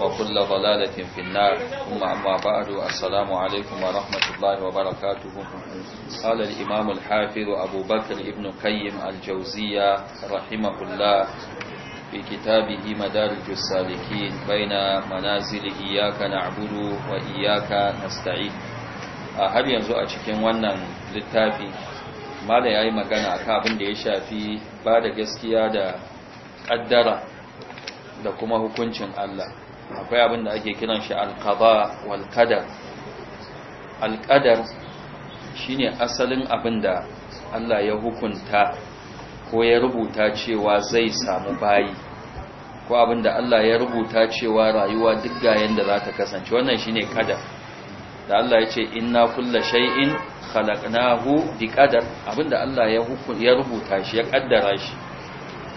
وكل ضلالة في النار ثم أما بعد السلام عليكم ورحمة الله وبركاته قال الإمام الحافظ أبو بكر ابن قيم الجوزية رحمه الله في كتابه مدارج السالكين بين منازل إياك نعبد وإياك نستعين هل ينزو أشكين ونن للتافي ما لا يأي مغانا أكابن ديشا في بعد قسكيا دا قدرة da kuma hukuncin Allah akwai abin da ake kiran shi alkaba walkadar alkadar shine asalin abin da Allah ya hukunta ko ya rubuta cewa zai samu bayi ko abin da Allah ya rubuta cewa rayuwa duk ga yanda za ta kasance wannan shine kadar da Allah ya ce inna kulla shay'in khalaqnahu Abin abinda Allah ya ya rubuta shi ya kaddara shi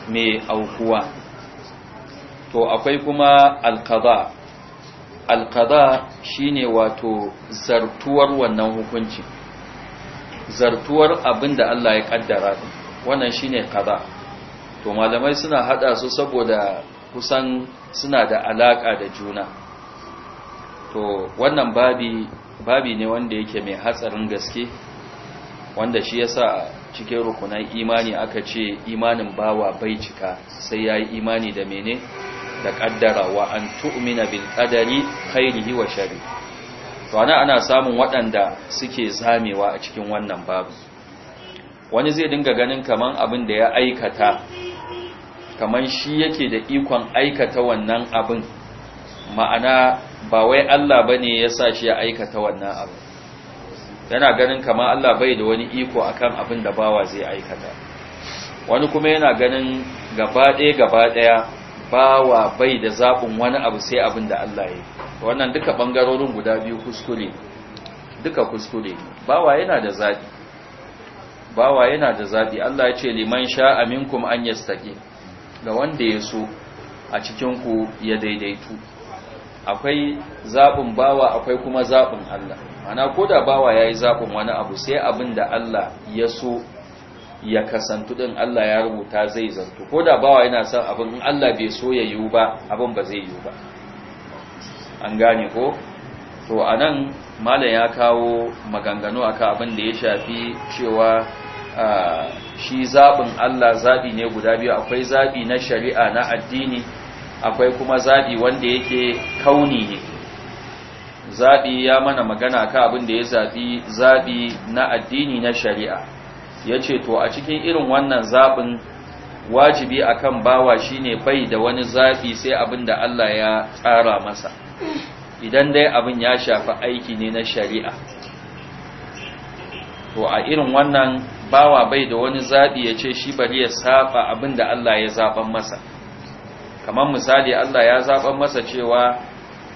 mai aukuwa to akwai kuma alqada alqada shine wato zartuwar wannan hukunci zartuwar abinda Allah ya kaddara wannan shine qada to malamai suna hada su saboda kusan suna da alaka da juna to wannan babi babi ne wanda yake mai hatsarin gaske wanda shi yasa cikin rukunan imani aka ce imanin bawa bai cika sai yayi imani da mene da kaddara wa an tu'mina bil qadari khairihi wa sharri to ana ana samun waɗanda suke zamewa a cikin wannan babu wani zai dinga ganin kaman abin da ya aikata kaman shi yake da ikon aikata wannan abin ma'ana ba wai Allah bane ya sa shi ya aikata wannan abin yana ganin kaman Allah bai da wani iko akan abin da bawa zai aikata wani kuma yana ganin gaba ɗaya gaba ɗaya bawa bai da zabin wani abu sai abin da Allah ya wannan duka ɓangarorin guda biyu kuskure duka kuskure bawa yana da zaɓi bawa yana da zaɓi Allah ya ce liman sha aminkum an yastaqi ga wanda ya so a cikin ku ya daidaitu akwai zaɓin bawa akwai kuma zaɓin Allah ana koda bawa yayi zaɓin wani abu sai abin da Allah ya so ya kasantu din Allah ya rubuta zai zantu ko da bawa yana son abin in Allah bai so ya yiwu ba abin ba zai yiwu ba an gane ko to anan malam ya kawo maganganu akan abin da ya shafi cewa shi zabin Allah zabi ne guda biyu akwai zabi na shari'a na addini akwai kuma zabi wanda yake kauni ne zabi ya mana magana akan abin da ya zabi zabi na addini na shari'a ya ce to a cikin irin wannan zaɓin wajibi akan bawa shine bai da wani zaɓi sai abin da Allah ya tsara masa idan dai abin ya shafi aiki ne na shari'a to a irin wannan bawa bai da wani zaɓi ya ce shi bari ya saba abin da Allah ya zaɓan masa kamar misali Allah ya zaɓan masa cewa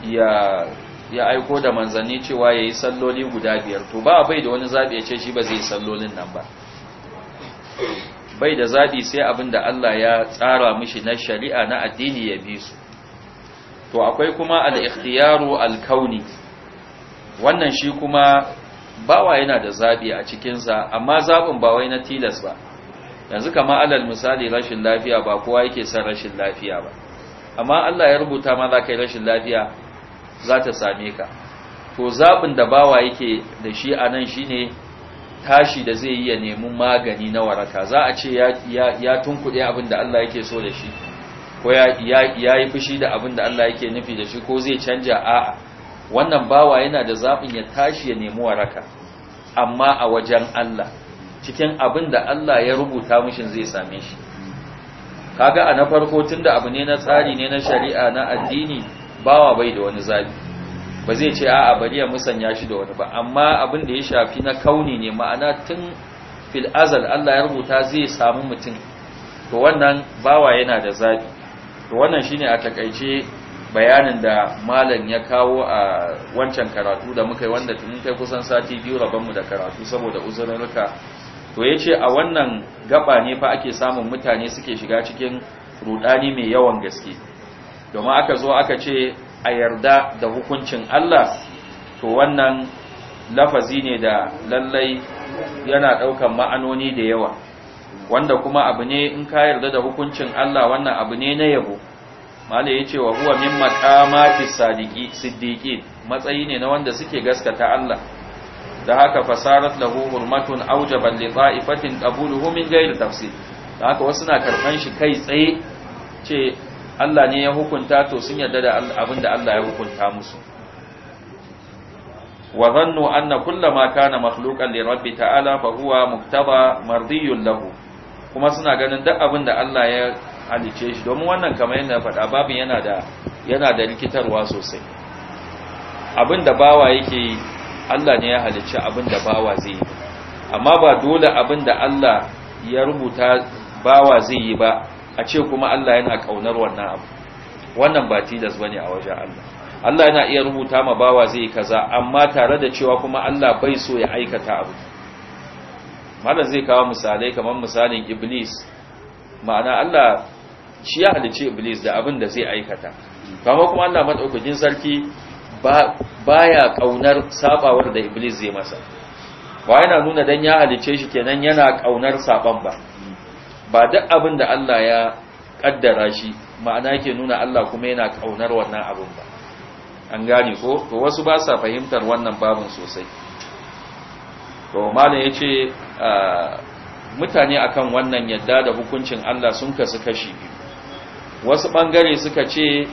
ya ya aiko da manzanni cewa ya yi salloli guda biyar to ba bai da wani zaɓi ya ce shi ba zai yi sallolin nan ba bai da zaɓi sai abin da Allah ya tsara mishi na shari'a na addini ya bi su to akwai kuma al-ikhtiyaru al-kauni wannan shi kuma bawa yana da zabi a cikin sa amma zabin ba wai na tilas ba yanzu kamar alal misali rashin lafiya ba kowa yake san rashin lafiya ba amma Allah ya rubuta ma za yi rashin lafiya za ta same ka to zaɓin da bawa yake da shi a nan shine tashi da zai yi ya nemi magani na waraka za a ce ya tunkuɗe abin da Allah yake so da shi ko ya yi fushi da abin da Allah yake nufi da shi ko zai canja a'a wannan bawa yana da zaɓin ya tashi ya nemi waraka amma a wajen Allah cikin abin da Allah ya rubuta mishin zai same shi kaga a na farko tun da abu ne na tsari ne na shari'a na addini bawa bai da wani zaɓi ba zai ce a'a bari ya musanya shi da wani ba amma abin da ya shafi na kauni ne ma'ana tun fil azal Allah ya rubuta zai samu mutum to wannan bawa yana da zabi to wannan shine a takaice bayanin da malam ya kawo a wancan karatu da muka yi wanda tun kai kusan sati biyu rabon mu da karatu saboda uzurruka to yace a wannan gaba ne fa ake samun mutane suke shiga cikin rudani mai yawan gaske domin aka zo aka ce a yarda da hukuncin Allah to wannan lafazi ne da lallai yana ɗaukan ma'anoni da yawa wanda kuma abu ne in ka yarda da hukuncin Allah wannan abu ne na yabo malai yace wa huwa min maqamati sadiqi siddiqin matsayi ne na wanda suke gaskata Allah da haka fasarat lahu hurmatun aujaban li ta'ifatin qabuluhu min ghairi tafsir da haka wasu na karban shi kai tsaye ce Allah ne ya hukunta to sun yarda da abin da Allah ya hukunta musu wa zannu anna kullama kana makhluqan li rabbi ta'ala fa huwa muktaba Mardiyyun, lahu kuma suna ganin duk abinda da Allah ya halice shi domin wannan kamar yana faɗa babin yana da yana da rikitarwa sosai Abinda bawa yake Allah ne ya halicci abinda bawa zai yi amma ba dole abinda Allah ya rubuta bawa zai yi ba a ce kuma Allah yana kaunar wannan abu wannan ba tilas bane a wajen Allah Allah yana iya rubuta ma bawa zai kaza amma tare da cewa kuma Allah bai so ya aikata abu malam zai kawo misalai kamar misalin iblis ma'ana Allah shi ya halice iblis da abin da zai aikata Kamar kuma Allah madaukakin sarki baya kaunar sabawar da iblis zai masa ba yana nuna dan ya halice shi kenan yana kaunar saban ba ba duk abin da Allah ya kaddara shi ma'ana yake nuna Allah kuma yana kaunar wannan abin ba an gane ko to wasu ba sa fahimtar wannan babin sosai to malam yace ah, mutane akan wannan yadda da hukuncin Allah sun kasu kashi biyu wasu bangare suka ce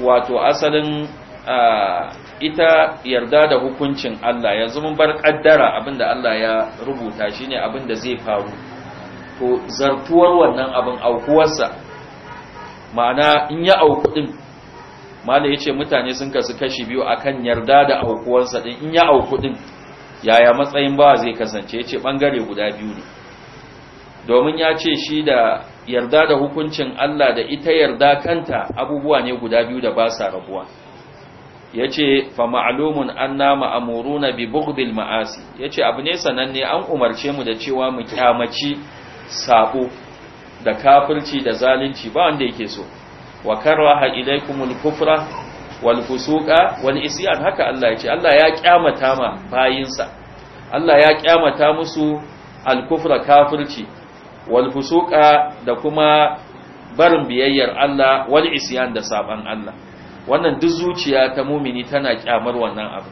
wato asalin ah, ita yarda da hukuncin Allah yanzu mun bar kaddara abinda Allah ya rubuta shine abinda zai faru to zartuwar wannan abin aukuwarsa ma'ana in ya auku din ya ce mutane sun kasu kashi biyu a kan yarda da aukuwarsa din in ya auku yaya matsayin ba zai kasance ya ce bangare guda biyu ne domin ya ce shi da yarda da hukuncin Allah da ita yarda kanta abubuwa ne guda biyu da ba sa rabuwa ya ce fa ma'alumun an na na bi bugbil ma'asi ya ce abu ne sananne an umarce mu da cewa mu kyamaci sabo da kafirci da zalunci ba wanda yake so wa karaha ilaykumul kufra wal fusuqa wal isyan haka Allah ya ce Allah ya kyamata ma bayinsa Allah ya kyamata musu al kufra kafirci wal fusuqa da kuma barin biyayyar Allah wal isyan da saban Allah wannan duk zuciya ta mumini tana kyamar wannan abu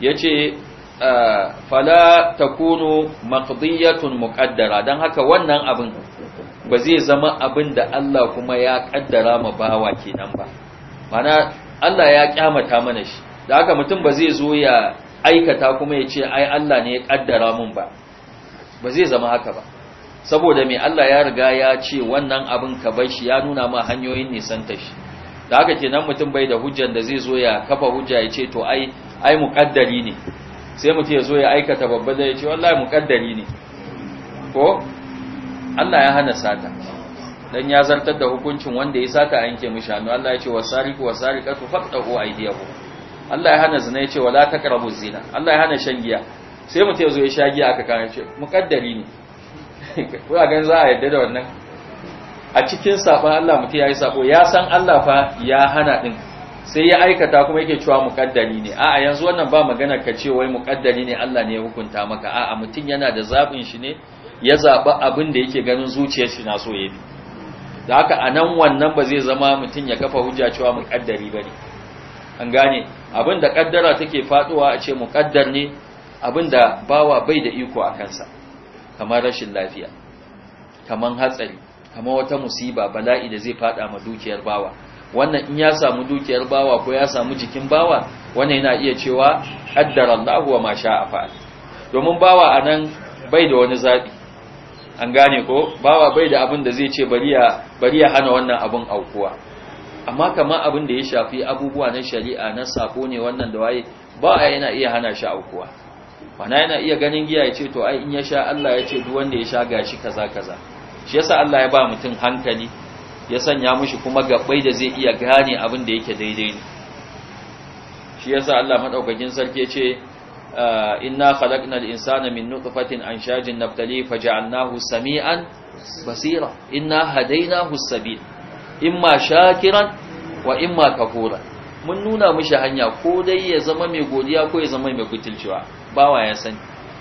yace Eh, fala takunu maqdiyatun muqaddara dan haka wannan abin ba zai zama abin da Allah kuma ya kaddara ma bawa kenan ba mana Allah ya kyamata mana shi da haka mutum ba zai zo ya aikata kuma ya ce ai Allah ne ya ƙaddara mun ba ba zai zama haka ba saboda me Allah ya riga ya ce wannan abin ka bar shi ya nuna ma hanyoyin nisanta shi da haka kenan mutum bai da hujjan da zai zo ya kafa hujja ya ce to ai ai muqaddari ne sai mutum ya zo ya aikata babba da ya ce wallahi muƙaddari ne ko Allah ya hana sata dan ya zartar da hukuncin wanda ya sata an ke mishi hannu Allah ya ce wasariku wasariqatu faqtahu aydiyahu Allah ya hana zina ya ce wala taqrabu zina Allah ya hana shan giya sai mutum ya zo ya sha giya aka kare ce Mukaddari ne ko a gan za a yadda da wannan a cikin sabon Allah mutum ya yi sabo ya san Allah fa ya hana din sai ya aikata kuma yake cewa muƙaddari ne a'a yanzu wannan ba magana ka ce wai muƙaddari ne Allah ne ya hukunta maka a mutum yana da zaɓin shi ne ya zaɓi abin da yake ganin zuciyar shi na so ya bi da haka a nan wannan ba zai zama mutum ya kafa hujja cewa muƙaddari ba ne an gane abin da ƙaddara take faɗuwa a ce muƙaddar ne abin da bawa bai da iko a kansa kamar rashin lafiya kamar hatsari kamar wata musiba bala'i da zai faɗa ma dukiyar bawa wannan in ya samu dukiyar bawa ko ya samu jikin bawa wannan yana iya cewa addara Allahu wa ma sha'a fa'al domin bawa anan bai da wani zabi an gane ko bawa bai da abin da zai ce bari ya hana wannan abin aukuwa amma kama abin da ya shafi abubuwa na shari'a na sako ne wannan da waye ba yana iya hana shi aukuwa wana yana iya ganin giya ya ce to ai in ya sha Allah ya ce duk wanda ya sha gashi kaza kaza shi yasa Allah ya ba mutum hankali ya sanya mushi kuma gabbai da zai iya gane abin da yake daidai ne shi yasa Allah madaukakin sarki yace ah, inna khalaqnal insana min nutfatin anshajin nabtali faj'alnahu samian basira inna hadainahu sabil imma shakiran wa imma kafura mun nuna mushi hanya ko dai ya zama mai godiya ko ya zama mai butulcewa bawa ya sani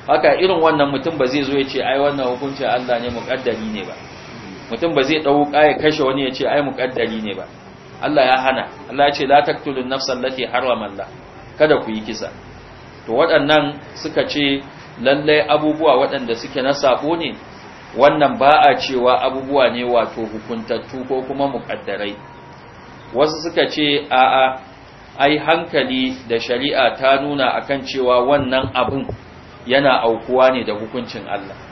haka irin wannan mutum ba zai zo ya ce ai wannan hukuncin Allah ne muqaddari ne ba mutum ba zai ɗau ya kashe wani ya ce ai muqaddari ne ba Allah ya hana Allah ya ce la taqtulun nafsan lati harrama Allah kada ku yi kisa to waɗannan suka ce lallai abubuwa waɗanda suke na sabo ne wannan ba a cewa abubuwa ne wato hukuntattu ko kuma muƙaddarai wasu suka ce a ai hankali da shari'a ta nuna akan cewa wannan abun yana aukuwa ne da hukuncin Allah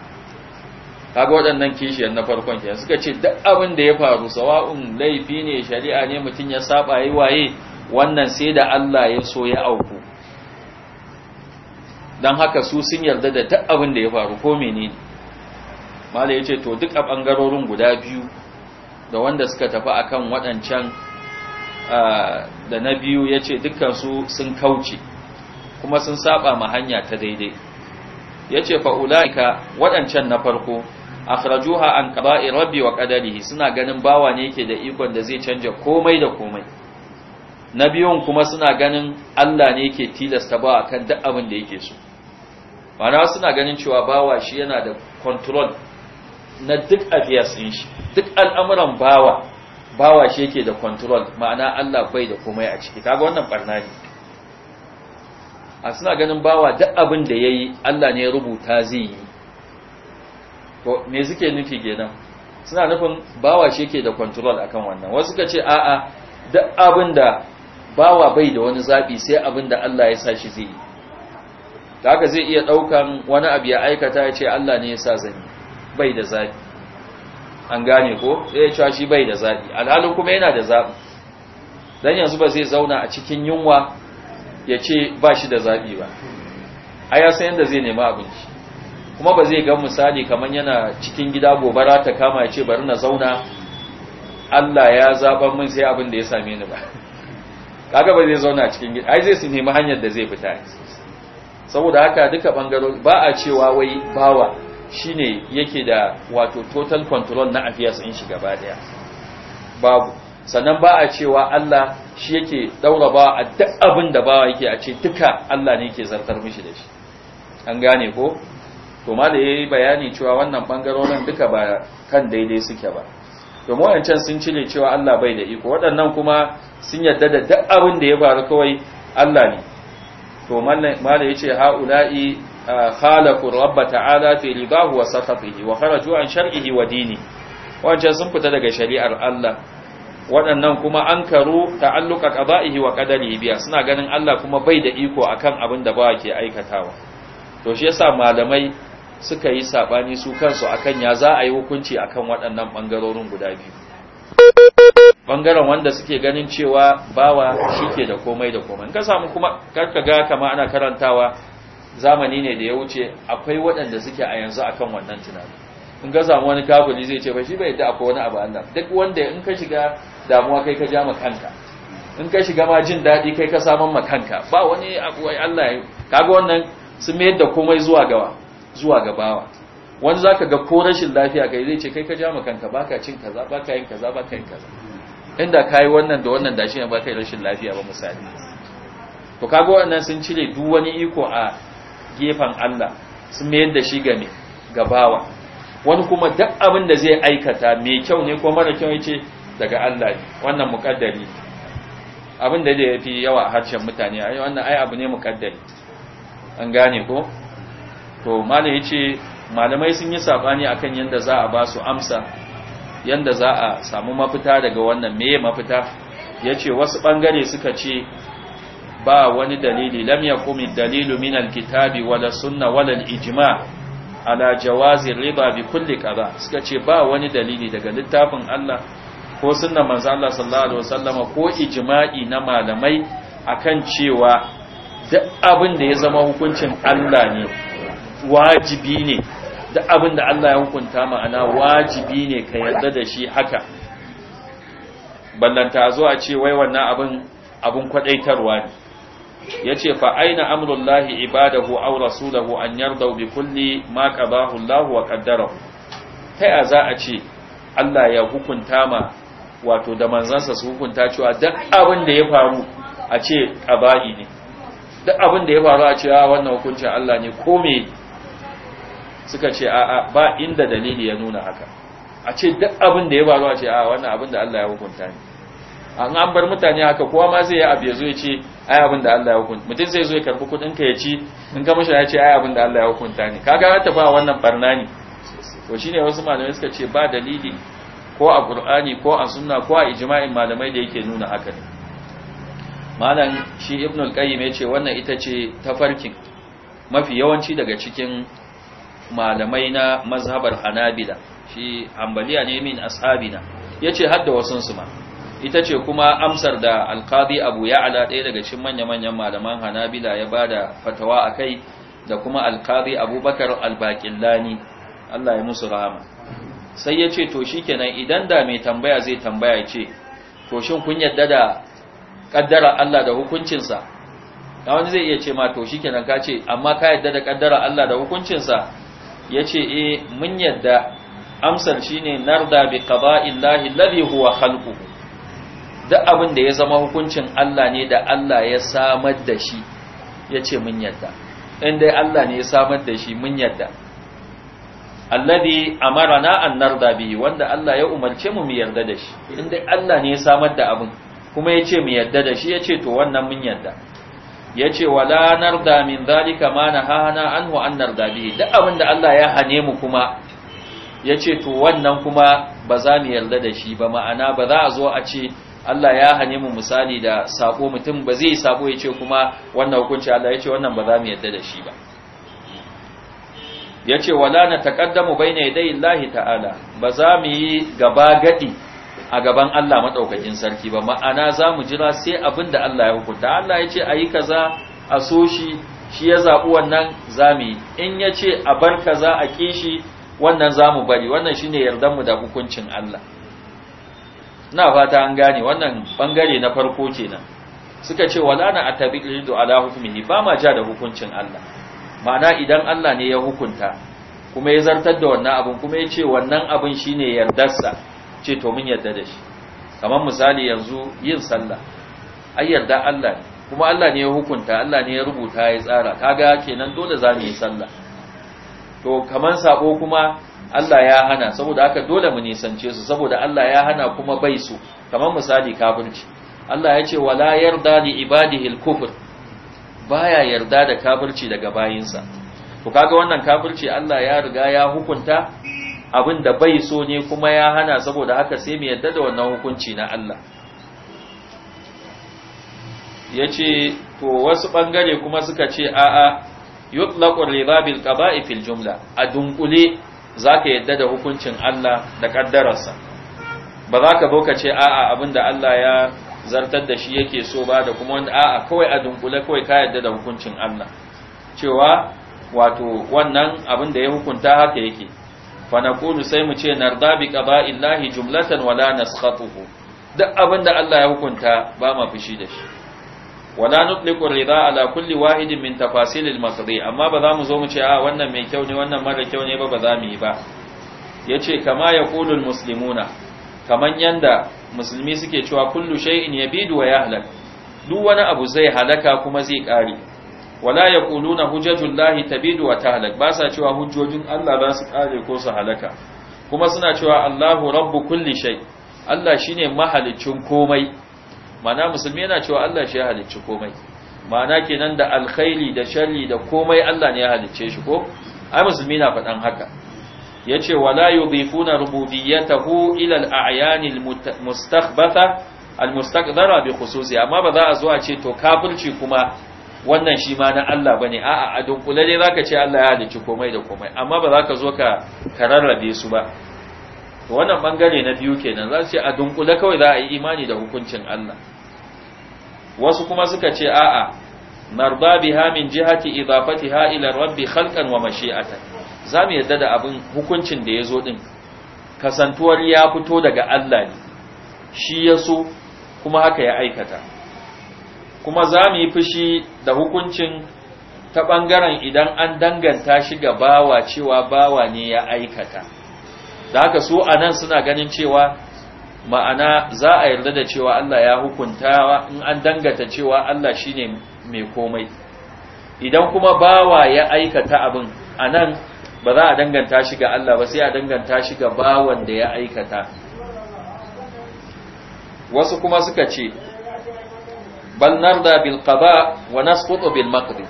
kaga waɗannan kishiyar na farkon kenan suka ce duk abin da ya faru sawa'un laifi ne shari'a ne mutum ya saba yi waye wannan sai da Allah ya so ya auku dan haka su sun yarda da duk abin da ya faru ko menene malai yace to duk a bangarorin guda biyu da wanda suka tafi akan waɗancan da na biyu yace dukkan su sun kauce kuma sun saba ma hanya ta daidai yace fa ulaika waɗancan na farko akhrajuha an qada'i rabbi wa qadarihi suna ganin bawa ne yake da ikon da zai canja komai da komai na biyun kuma suna ganin Allah ne yake tilasta bawa kan duk abin da yake so ma'ana suna ganin cewa bawa shi yana da control na duk affairs din shi duk al'amuran bawa bawa shi yake da control ma'ana Allah bai da komai a ciki kaga wannan barna ne a suna ganin bawa duk abin da yayi Allah ne ya rubuta zai yi to me suke nufi kenan suna nufin bawa shi yake da control akan wannan wasu suka ce a'a duk abinda bawa bai da wani zabi sai abinda Allah ya sa shi zai yi zai iya daukan wani abu ya aikata ya ce Allah ne ya sa zan bai da zabi an gane ko sai ya cewa shi bai da zabi alhalin kuma yana da zabi dan yanzu ba zai zauna a cikin yunwa ya ce ba shi da zabi ba a ya san yadda zai nemi abinci kuma ba zai ga misali kamar yana cikin gida gobara ta kama ya ce bari na zauna Allah ya zaɓa min sai abin da ya same ni ba kaga ba zai zauna cikin gida ai zai nemi hanyar da zai fita saboda haka duka bangarori ba a cewa wai bawa shine yake da wato total control na affairs in shi gaba daya babu sannan ba a cewa Allah shi yake daura ba a duk abin da bawa yake a ce duka Allah ne yake zartar mishi da shi an gane ko to ma da yayi bayani cewa wannan bangarorin duka ba kan daidai suke ba to mu wancan sun cile cewa Allah bai da iko waɗannan kuma sun yadda da duk abin da ya faru kawai Allah ne to ya yace haula'i khalafu rabb ta'ala fi ridahu wa sakatihi wa kharaju an shar'ihi wa dini wancan sun fita daga shari'ar Allah waɗannan kuma an karu ta'alluka qada'ihi wa qadarihi biya suna ganin Allah kuma bai da iko akan abin da ba ke aikatawa to shi yasa malamai suka yi saɓani su kansu akan ya za a yi hukunci akan waɗannan ɓangarorin guda biyu ɓangaren wanda suke ganin cewa bawa shike da komai da komai ka samu kuma karka ga kama ana karantawa zamani ne da ya wuce akwai waɗanda suke a yanzu akan wannan tunanin in ka samu wani kafuli zai ce ba shi bai yadda akwai wani abu Allah duk wanda in ka shiga damuwa kai ka ja ma kanka in ka shiga ma jin daɗi kai ka saman ma kanka ba wani abu wai Allah ya kaga wannan su mayar da komai zuwa gawa zuwa ga bawa wani ka ga ko rashin lafiya kai zai ce kai ka ja ma kanka ka cin kaza baka yin kaza ba ka yin kaza inda ka yi wannan da wannan dashi ne ka yi rashin lafiya ba misali to kaga wannan sun cire duk wani iko a gefen Allah sun mayar da shi ga me ga bawa wani kuma duk abin da zai aikata me kyau ne ko mara kyau yace daga Allah ne wannan muqaddari abin da ya fi yawa harshen mutane ai wannan ai abu ne muqaddari an gane ko to malam yace malamai sun yi sabani akan yanda za a ba su amsa yadda za a samu mafita daga wannan meye mafita yace wasu bangare suka ce ba wani dalili lam yakumi dalilu min alkitabi wala sunna wala alijma ala jawazi riba bi kulli qada suka ce ba wani dalili daga littafin Allah ko suna manzo Allah sallallahu alaihi wasallama ko ijima'i na malamai akan cewa duk abin da ya zama hukuncin Allah ne wajibi ne da abin da Allah ya hukunta ma'ana wajibi ne ka yarda da shi haka ballanta zo a ce wai wannan abin abin kwadaitarwa ne yace fa aina amrullahi ibadahu aw rasulahu an yarda bi kulli ma qadahu Allah wa qaddarahu ta ya za a ce Allah ya hukunta ma wato da manzansa su hukunta cewa duk abin da ya faru a ce qaba'i ne duk abin da ya faru a ce ah, wannan hukuncin Allah ne ko me suka ce a'a ba inda dalili ya nuna haka a ce duk abin da ya faru a ce a'a wannan abin da Allah ya hukunta ne an an bar mutane haka kowa ma zai yi abu ya zo ya ce ai abin da Allah ya hukunta mutum zai zo ya karbi kudin ka ya ci in ka mishi ya ce ai abin da Allah ya hukunta ne kaga ta ba a wannan barna ne to shine wasu malamai suka ce ba dalili ko a Qur'ani ko a sunna ko a ijma'in malamai da yake nuna haka ne malam shi Ibn al-Qayyim ya ce wannan ita ce tafarkin mafi yawanci daga cikin malamai na mazhabar hanabila shi Ambaliya ne min ashabina yace hadda wasun su ma ita ce kuma amsar da alqadi abu ya'la ɗaya daga cikin manya-manyan malaman hanabila ya bada fatawa a kai da kuma alqadi abubakar albaqillani Allah ya musu rahama sai yace to shikenan idan da mai tambaya zai tambaya ce to shin kun yadda da kaddara Allah da hukuncinsa da wani zai iya ce ma to kenan ka ce amma ka yadda da kaddara Allah da hukuncinsa yace e eh, mun yadda amsar nar narda bi Illahi alladhi huwa halku. duk abin da ya zama hukuncin Allah ne da Allah ya samar da shi yace mun yadda in dai Allah ne ya samar da shi mun yadda alladhi amarana an narda bi wanda Allah ya umarce mu mu yarda da shi in dai Allah ne ya samar da abin kuma ya ce mu yarda da shi yace to wannan mun yadda. yace wala narda min zalika ma nahana anhu an narda bihi duk da Allah ya hane mu kuma yace to wannan kuma ba za mu yarda da shi ba ma'ana ba za a zo a ce Allah ya hane mu misali da sako mutum ba zai sako ya ce kuma wannan hukunci Allah ce wannan ba za mu yarda da shi ba yace wala na taqaddamu bayna yaday Allah ta'ala ba za mu yi gaba gadi a gaban Allah maɗaukakin sarki ba ma'ana za mu jira sai abin da Allah ya hukunta Allah ya ce a yi kaza a so shi shi ya zaɓi wannan zamu yi in ya ce a bar kaza a shi wannan za mu bari wannan shi ne mu da hukuncin Allah na fata an gane wannan bangare na farko kenan suka ce wala na atabidu ala hukmihi ba ma ja da hukuncin Allah ma'ana idan Allah ne ya hukunta kuma ya zartar da wannan abin kuma ya ce wannan abin shine yardarsa ce to mun yarda da shi kamar misali yanzu yin sallah ai yarda Allah ne kuma Allah ne ya hukunta Allah ne ya rubuta ya tsara kaga kenan dole za mu yi sallah to kamar sabo kuma Allah ya hana saboda haka dole mu nisance su saboda Allah ya hana kuma bai su kamar misali kafirci Allah ya ce wala yarda li ibadihi al-kufr baya yarda da kafirci daga bayinsa to kaga wannan kafirci Allah ya riga ya hukunta abin da bai so ne kuma ya hana saboda haka sai mu yadda da wannan hukunci na Allah ya ce to wasu ɓangare kuma suka ce a'a a riba bil qaba'i fil jumla a dunkule zaka yadda da hukuncin Allah da kaddararsa ba za ka boka ce a'a da Allah ya zartar da shi yake so ba da kuma wanda a'a kawai a dunkule kawai ka yadda da hukuncin Allah cewa wato wannan abin da ya hukunta haka yake fa naqulu sai mu ce narda bi qada'illahi jumlatan wala naskhatuhu duk abinda Allah ya hukunta ba ma fushi da shi wala nutliqu ridha ala kulli wahidin min tafasilil maqdi amma ba za mu zo mu ce a wannan mai kyau ne wannan mara kyau ne ba ba za mu yi ba yace kama yaqulul muslimuna kaman yanda musulmi suke cewa kullu shay'in yabidu wa yahlak duk wani abu zai halaka kuma zai kare wala yaquluna hujajullahi tabidu wa tahlak ba sa cewa hujjojin Allah za su kare ko su halaka kuma suna cewa Allahu rabbu kulli shay Allah shine mahaliccin komai Ma'ana musulmi yana cewa Allah shi ya halicci komai mana kenan da alkhairi da sharri da komai Allah ne ya halicce shi ko ai musulmi na faɗan haka yace wala yudifuna rububiyyatahu ila al-a'yan al-mustakhbatha al-mustaqdara bi khususi amma ba za a zo a ce to kafirci kuma wannan shi ma na Allah bane a'a a dunkule dai zaka ce Allah ya halicci komai da komai amma ba za ka zo ka kararrabe su ba wannan bangare na biyu kenan za su ce a dunkule kawai za a yi imani da hukuncin Allah wasu kuma suka ce a'a marba biha min jihati idafatiha ila rabbi khalqan wa mashi'atan zamu yadda da abin hukuncin da yazo din kasantuwar ya fito daga Allah ne shi yaso kuma haka ya aikata kuma za mu yi fushi da hukuncin ta ɓangaren idan an danganta shi ga bawa cewa bawa ne ya aikata da haka su a nan suna ganin cewa ma'ana za a yarda da cewa Allah ya hukunta in an dangata cewa Allah shi ne mai komai idan kuma bawa ya aikata abin a nan ba za a danganta shi ga Allah ba sai a danganta shi ga bawan da ya aikata wasu kuma suka ce bal narda bil qada wa nasqutu bil maqdi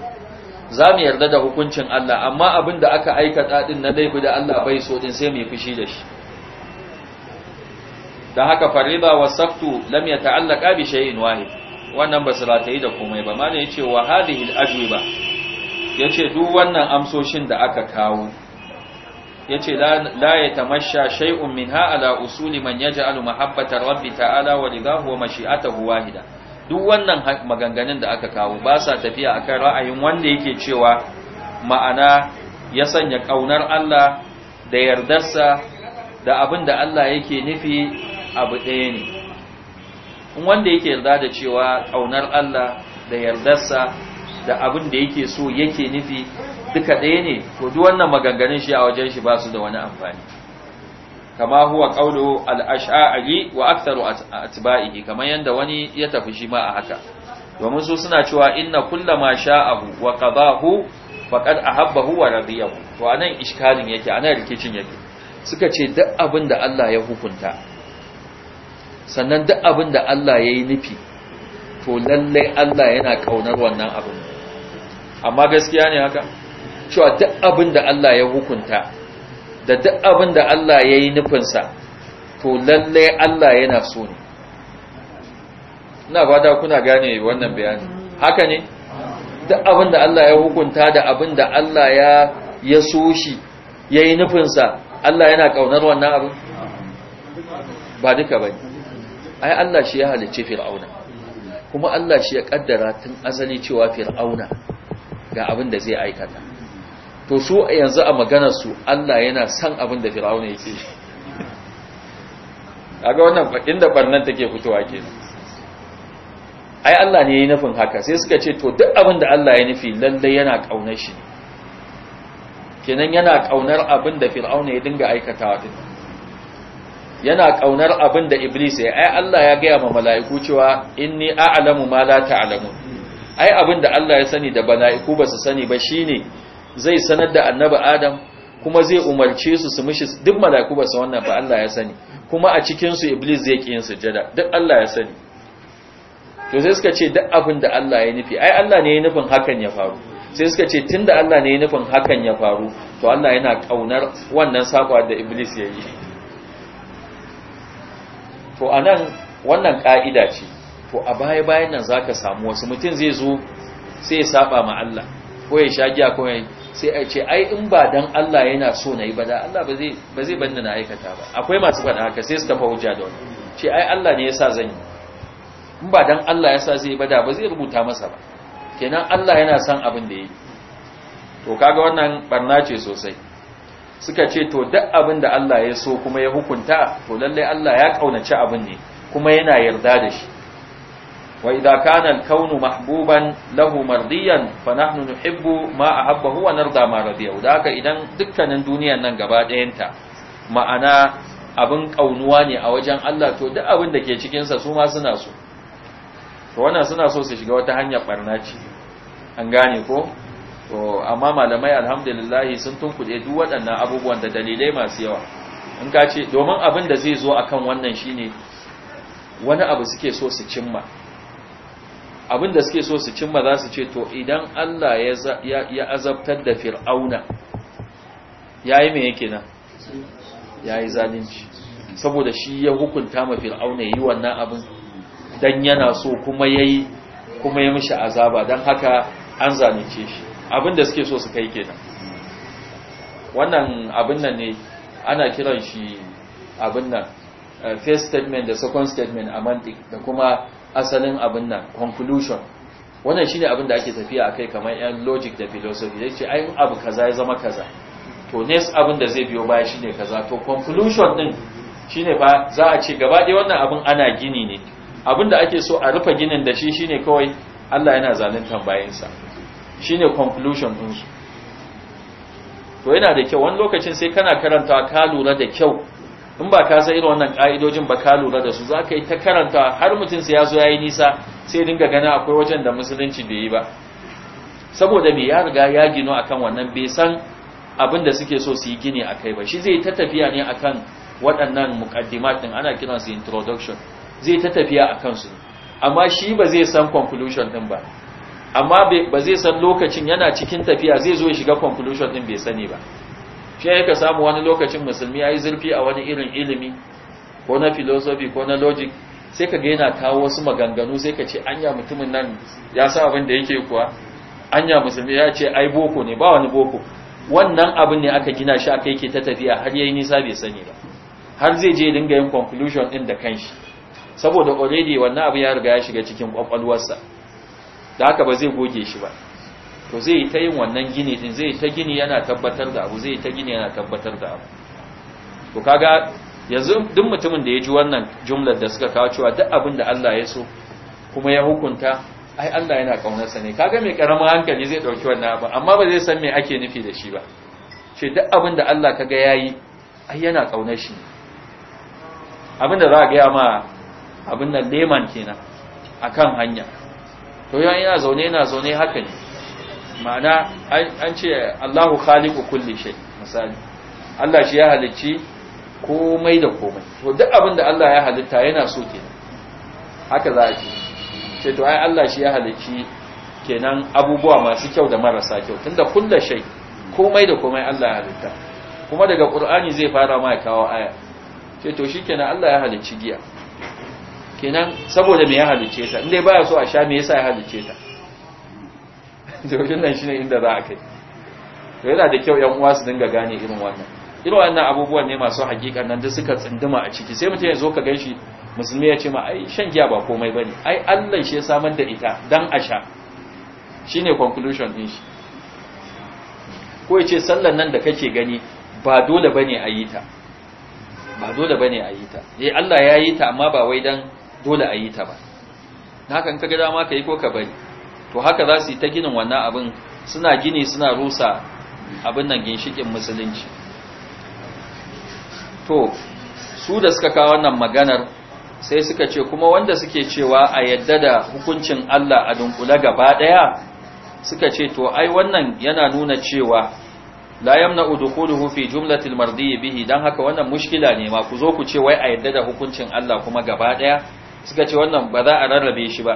za mu yarda da hukuncin Allah amma abin da aka aikata din na laifi da Allah bai so din sai mu yi fushi da shi dan haka farida wa saftu lam yata'allaqa bi shay'in wahid wannan ba su ratayi da komai ba mana yace wa hadhihi al ajwiba yace duk wannan amsoshin da aka kawo yace la ya shai'un shay'un minha ala usuli man yaj'alu mahabbata rabbi ta'ala wa ridahu wa mashi'atahu wahida duk wannan maganganun da aka kawo ba sa tafiya kan ra'ayin wanda yake cewa ma'ana ya sanya kaunar Allah da yardarsa da abin da Allah yake nufi abu ɗaya ne wanda yake yarda da cewa ƙaunar Allah da yardarsa da abin da yake so yake nufi duka ɗaya ne to duk wannan maganganun shi a wajen shi ba su da wani amfani kama huwa qawlu al-ash'ari wa aktharu atba'ihi kamar yanda wani ya tafi shi ma a haka domin su suna cewa inna kullama sha'ahu wa qadahu faqad ahabbahu wa radiyahu to anan iskalin yake anan rikicin yake suka ce duk abinda Allah ya hukunta sannan duk abinda Allah ya yi nufi to lallai Allah yana kaunar wannan abin amma gaskiya ne haka cewa duk abinda Allah ya hukunta da duk abin da Allah ya yi nufinsa to lalle Allah yana so ne ina da kuna gane wannan bayani haka ne duk abin da Allah ya hukunta da abin da Allah ya ya so shi ya yi nufinsa Allah yana kaunar wannan abin ba duka ba ai Allah shi ya halice fir'auna kuma Allah shi ya ƙaddara tun asali cewa fir'auna ga abin da zai aikata to su yanzu a magana su Allah yana san abin da Fir'auna yake kaga wannan inda barnan take fitowa ke. ai Allah ne yayi nufin haka sai suka ce to duk abin da Allah ya nufi lalle yana kaunar shi kenan yana kaunar abin da Fir'auna ya dinga aikatawa din yana kaunar abin da Iblis ya ai Allah ya ga ma mala'iku cewa inni a'lamu ma la ta'lamu ai abin da Allah ya sani da mala'iku ba su sani ba shine zai sanar da annabi adam kuma zai umarce su su mishi duk malaku ba su wannan ba Allah ya sani kuma a cikin su iblis zai ƙi yin sujada duk Allah ya sani to sai suka ce duk abin da Allah ya nufi ai Allah ne ya nufin hakan ya faru sai suka ce tunda Allah ne ya nufin hakan ya faru to Allah yana kaunar wannan sakwa da iblis ya yi to anan wannan ka'ida ce to a baya bayan nan zaka samu wasu mutum zai zo sai ya saba ma Allah ko ya shagiya ko ya sai a ce ai in ba dan Allah yana so na yi ba da Allah ba zai ba zai na aikata ba akwai masu faɗa haka sai suka fa hujja da wani ce ai Allah ne yasa zan yi in ba dan Allah yasa zai yi ba da ba zai rubuta masa ba kenan Allah yana son abin da yi to kaga wannan barna ce sosai suka ce to duk abin da Allah ya so kuma ya hukunta to lalle Allah ya kaunaci abin ne kuma yana yarda da shi wa idza kana al-kawn mahbuban lahu mardiyan fa nahnu nuhibbu ma ahabbahu wa narda ma radiyahu da haka idan dukkanin duniyan nan gaba ɗayanta ma'ana abin kaunuwa ne a wajen Allah to duk abin da ke cikinsa sa su ma suna so to wannan suna so su shiga wata hanyar barna ce an gane ko to amma malamai alhamdulillah sun tunkuɗe duk waɗannan abubuwan da dalilai masu yawa in ka ce domin abin da zai zo akan wannan shine wani abu suke so su cimma abin da suke so su cimma za su ce to idan Allah ya azabtar da fir'auna ya yi mai yake nan ya yi zalunci saboda shi ya hukunta ma fir'auna ya yi wannan abin don yana so kuma ya yi kuma ya mishi azaba don haka an zalunce shi abin da suke so su kai kenan wannan abin nan ne ana kiran shi abin nan eh, first statement da second statement a mantik da kuma asalin abin nan conclusion wannan shine abin da ake tafiya akai kamar yan logic da philosophy yace ce ai abu kaza ya zama kaza to next abin da zai biyo baya shine kaza to conclusion din shine fa za a ce gaba ɗaya wannan abin ana gini ne abin da ake so a rufe ginin da shi shine kawai Allah yana zaluntar sa shine conclusion din to yana da kyau wani lokacin sai kana karantawa ka lura da kyau in ba ka san irin wannan ka'idojin ba ka lura da su za ka yi ta karanta har mutum sai ya zo ya yi nisa sai dinga gana akwai wajen da musulunci bai yi ba saboda mai ya riga ya gino akan wannan bai san abin da suke so su yi gini a kai ba shi zai ta tafiya ne akan waɗannan mukaddimatin ana kiransu su introduction zai ta tafiya a kansu amma shi ba zai san conclusion ɗin ba amma ba zai san lokacin yana cikin tafiya zai zo ya shiga conclusion ɗin bai sani ba shi ya samu wani lokacin musulmi ya yi zurfi a wani irin ilimi ko na filosofi ko na logic sai ka ga yana kawo wasu maganganu sai ka ce anya mutumin nan ya sa abin da yake kuwa anya musulmi ya ce ai boko ne ba wani boko wannan abin ne aka gina shi aka yake ta tafiya har yayi nisa bai sani ba har zai je dinga yin conclusion din da kanshi saboda already wannan abu ya riga ya shiga cikin kwakwalwarsa da haka ba zai goge shi ba to zai yi ta yin wannan gini din zai ta gini yana tabbatar da abu zai ta gini yana tabbatar da abu to kaga yanzu duk mutumin da ya ji wannan jumlar da suka kawo cewa duk abin da Allah ya so kuma ya hukunta ai Allah yana kaunarsa ne kaga mai karamin hankali zai dauki wannan abu amma ba zai san me ake nufi da shi ba ce duk abin da Allah kaga yayi ai yana kaunar shi abin da za ga ya ma abin nan leman kenan akan hanya to yayin yana zaune yana zaune haka ne ma'ana an ce Allahu khaliqu kulli shay misali Allah shi ya halicci komai da komai to duk abin da Allah ya halitta yana so kenan haka za a ce ce to ai Allah shi ya halicci kenan abubuwa masu kyau da marasa kyau tunda kullu shay komai da komai Allah ya halitta kuma daga Qur'ani zai fara ma kawo aya ce to shikenan Allah ya halicci giya kenan saboda me ya halicce ta indai baya so a sha me yasa ya halicce ta jirgin nan shi ne inda za a kai to yana da kyau yan uwa su dinga gane irin wannan irin wannan abubuwan ne masu hakikan nan da suka tsinduma a ciki sai mutum ya zo ka ganshi musulmi ya ce ma ai shan giya ba komai bane ai Allah shi ya samar da ita dan a sha ne conclusion din shi ko ya ce sallan nan da kake gani ba dole bane a yi ta ba dole bane a yi ta eh Allah ya yi ta amma ba wai dan dole a yi ta ba na kan ka ga dama yi ko ka bari to haka za su yi ta ginin wannan abin suna gini suna rusa abin nan ginshikin musulunci to su da suka kawo wannan maganar sai suka ce kuma wanda suke cewa a yadda da hukuncin Allah a dunkule gaba daya suka ce to ai wannan yana nuna cewa la yamna udkhuluhu fi jumlatil mardiy bihi dan haka wannan mushkila ne ma ku zo ku ce wai a yadda da hukuncin Allah kuma gaba daya suka ce wannan ba za a rarrabe shi ba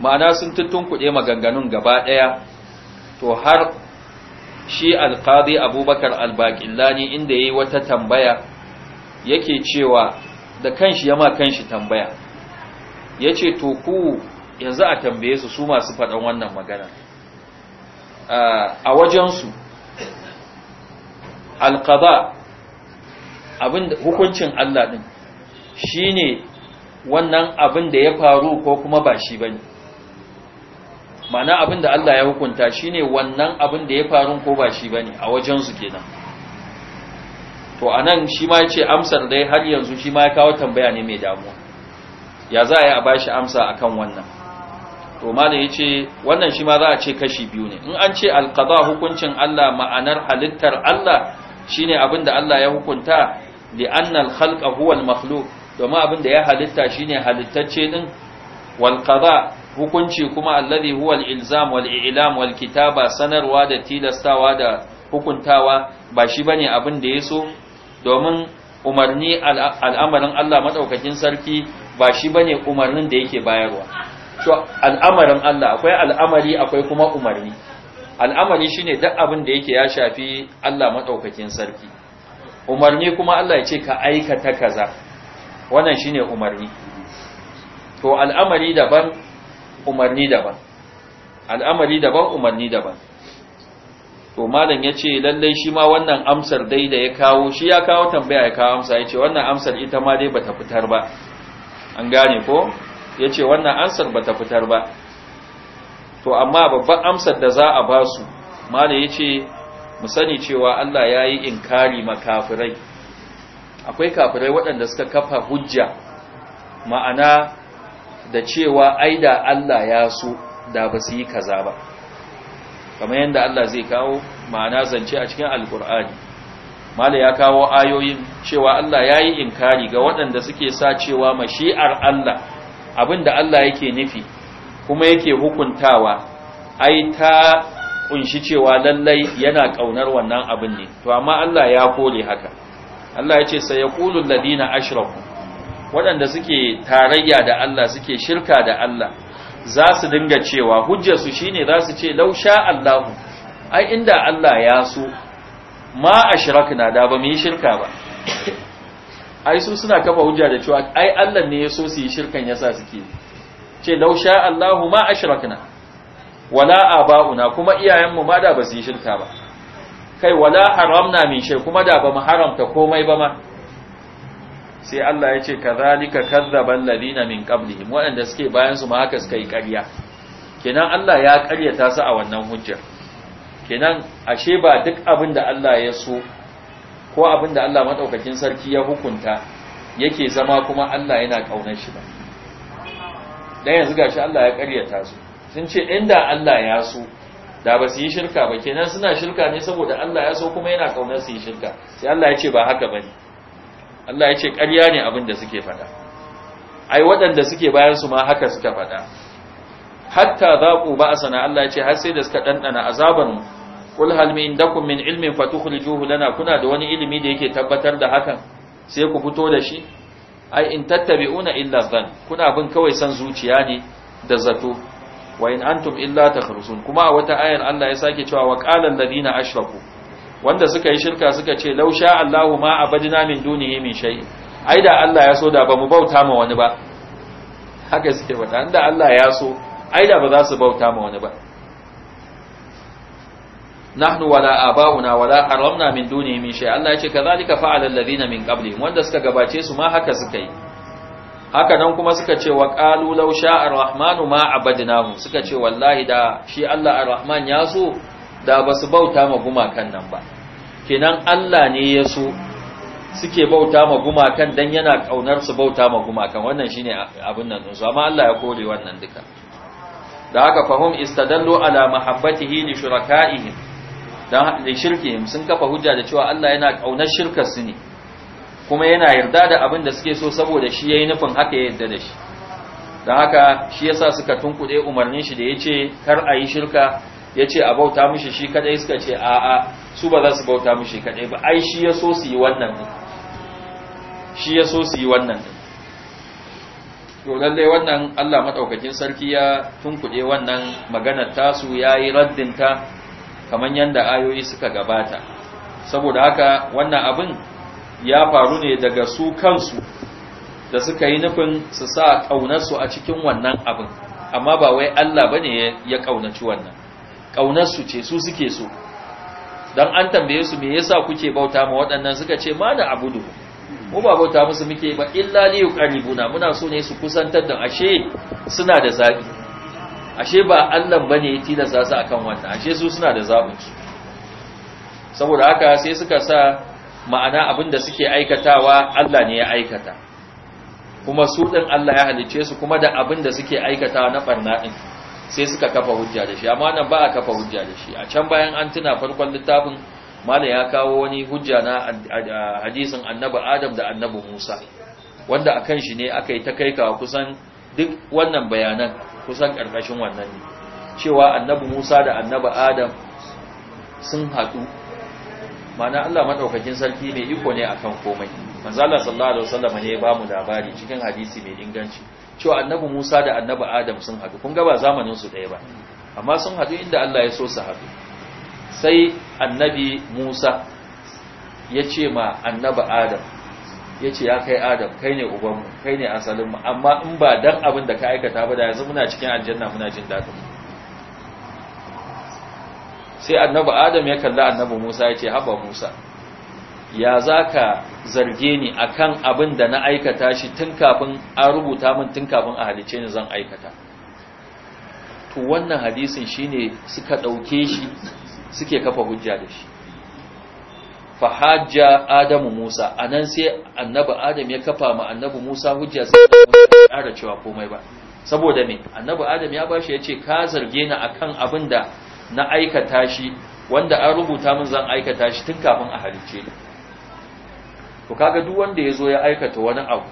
ma'ana sun kuɗe maganganun gaba ɗaya to har shi alƙadi abubakar albaƙillani inda ya yi wata tambaya yake cewa da kanshi yama kanshi tambaya ya ce to ku yanzu a tambaye su su masu faɗan wannan magana a wajensu alƙada abin hukuncin Allah ɗin shi ne wannan abin da ya faru ko kuma ba shi ba ne mana abin da Allah ya hukunta shine wannan abin da ya faru ko ba shi ba ne a wajen su kenan to anan shi ma yace amsar dai har yanzu shi ma ya kawo tambaya ne mai damuwa ya za a yi a bashi amsa akan wannan to malam yace wannan shi ma za a ce kashi biyu ne in an ce alqada hukuncin Allah ma'anar halittar Allah shine abin da Allah ya hukunta li annal khalqa huwa al domin abin ya halitta shine halittacce din wal qada hukunci kuma alladhi huwa al-ilzam wal i'lam wal kitaba sanarwa da tilastawa da hukuntawa ba shi bane abin da yaso domin umarni al'amarin Allah madaukakin sarki ba shi bane umarnin da yake bayarwa to al'amarin Allah akwai al'amari akwai kuma umarni al'amari shine duk abin da yake ya shafi Allah madaukakin sarki umarni kuma Allah ya ce ka aikata kaza wannan shine umarni to al'amari daban umarni daban al'amari daban umarni daban to malam ya ce lallai shi ma wannan amsar dai da ya kawo shi ya kawo tambaya ya kawo amsa ya ce wannan amsar ita ma dai bata fitar ba an gane ko ya ce wannan amsar bata fitar ba to amma babban amsar da za a ba su malam ya ce mu sani cewa Allah ya yi inkari makafirai akwai kafirai waɗanda suka kafa hujja ma'ana da cewa ai da Allah ya so da ba su yi kaza ba kamar yadda Allah zai kawo ma'ana zance a cikin alkur'ani mala ya kawo ayoyin cewa Allah ya yi inkari ga waɗanda suke sa cewa mashi'ar Allah abinda Allah yake nufi kuma yake hukuntawa ai ta kunshi cewa lallai yana ƙaunar wannan abin ne to amma Allah ya kore haka Allah ya ce sayaqulul ladina ashraku waɗanda suke tarayya da Allah suke shirka da Allah za su dinga cewa hujjarsu shine za su ce lausha Allahu ai inda Allah ya so ma ashrakna da ba mu yi shirka ba ai su suna kafa hujja da cewa ai Allah ne ya so su yi shirkan yasa suke ce lausha Allahu ma ashrakna wala aba'una kuma iyayenmu ma da ba su yi shirka ba kai wala haramna min shay kuma da ba mu haramta komai ba ma sai Allah ya ce kadhalika kadzaban ladina min qablihim waɗanda suke bayan su ma haka suka yi ƙarya kenan Allah ya ƙaryata su a wannan hujjar kenan ashe ba duk abin da Allah ya so ko abin da Allah madaukakin sarki ya hukunta yake zama kuma Allah yana kaunar shi ba dan yanzu gashi Allah ya ƙaryata su sun ce inda Allah ya so da ba su yi shirka ba kenan suna shirka ne saboda Allah ya so kuma yana kaunar su yi shirka sai Allah ya ce ba haka bane Allah ya ce ƙarya ne abin da suke faɗa ai waɗanda suke bayan su ma haka suka faɗa hatta zaqu ba'sana Allah ya ce har sai da suka dandana azaban mu qul hal min dakum min ilmin fatukhrijuhu lana kuna da wani ilimi da yake tabbatar da hakan sai ku fito da shi ai in tattabi'una illa dhann kuna bin kawai san zuciya ne da zato wa in antum illa takhrusun kuma a wata ayar Allah ya sake cewa wa qala alladhina ashraku wanda suka yi shirka suka ce lausha Allahu ma a abadna min duniya min shay'in ai da Allah ya so da ba mu bauta ma wani ba haka suke faɗa inda Allah ya so ai da ba za su bauta ma wani ba nahnu wala abauna wala haramna min duniya min shay Allah yace kazalika fa'ala alladhina min qablihim wanda suka gabace su ma haka suka yi haka nan kuma suka ce wa qalu lausha sha'a arrahmanu ma abadnahu suka ce wallahi da shi Allah arrahman ya so da ba su bauta ma gumakan nan ba kenan Allah ne ya so suke bauta ma gumakan dan yana kaunar su bauta ma gumakan wannan shine abin nan din su amma Allah ya kore wannan duka da haka fahum istadallu ala mahabbatihi li shurakaihim dan da shirkihim sun kafa hujja da cewa Allah yana kaunar shirkar su ne kuma yana yarda da abin da suke so saboda shi yayi nufin haka ya yarda da shi da haka shi yasa suka tunkuɗe umarnin shi da ya ce kar a yi shirka ya ce a bauta mishi shi kadai suka ce a'a su ba za su bauta mishi kadai ba ai shi ya so su yi wannan ne. shi ya so su yi wannan ne. to lallai wannan Allah madaukakin sarki ya tunkuɗe wannan maganar tasu yayi raddin ta kamar yanda ayoyi suka gabata saboda haka wannan abin ya faru ne daga su kansu da suka yi nufin su sa kaunar su a cikin wannan abin amma ba wai Allah bane ya ƙaunaci wannan ƙaunarsu ce su suke so don an tambaye su me yasa kuke bauta ma waɗannan suka ce ma na abudu mu ba bauta musu muke ba illa li yuqarribuna muna so ne su kusantar da ashe suna da zabi ashe ba Allah bane ya tilasta su akan wannan ashe su suna da zabin saboda haka sai suka sa ma'ana abin da suke aikatawa Allah ne ya aikata kuma su ɗin Allah ya halice su kuma da abin da suke aikatawa na barna ɗin. sai suka kafa hujja da shi amma nan ba a kafa hujja da shi a can bayan an tuna farkon littafin malam ya kawo wani hujja na hadisin annabi adam da annabi musa wanda akan shi ne aka yi ta kai kawa kusan duk wannan bayanan kusan karkashin wannan ne cewa annabi musa da annabi adam sun haɗu mana allah maɗaukakin sarki mai iko ne akan komai manzala sallallahu alaihi wasallam ne ya ba mu labari cikin hadisi mai inganci cewa annabi Musa da annabi Adam sun haɗu kun ga ba zamanin su ɗaya ba amma sun haɗu inda Allah ya so su haɗu sai annabi Musa ya ce ma annabi Adam ya ce ya kai Adam kai ne ubanmu kai ne asalinmu amma in ba dan abin da ka aikata ba da yanzu muna cikin aljanna muna jin daɗin sai annabi Adam ya kalli annabi Musa ya ce haba Musa ya za ka zarge ni a kan abin da na aikata shi tun kafin an rubuta min tun kafin a halice ni zan aikata to wannan hadisin shine suka ɗauke shi suke kafa hujja da shi fahajja adamu musa a nan sai annabi adam ya kafa ma annabi musa hujja sai ƙara cewa komai ba saboda me annabi adam ya bashi ya ce ka zarge ni a kan abin da na aikata shi wanda an rubuta min zan aikata shi tun kafin a halice ni to kaga duk wanda ya zo ya aikata wani abu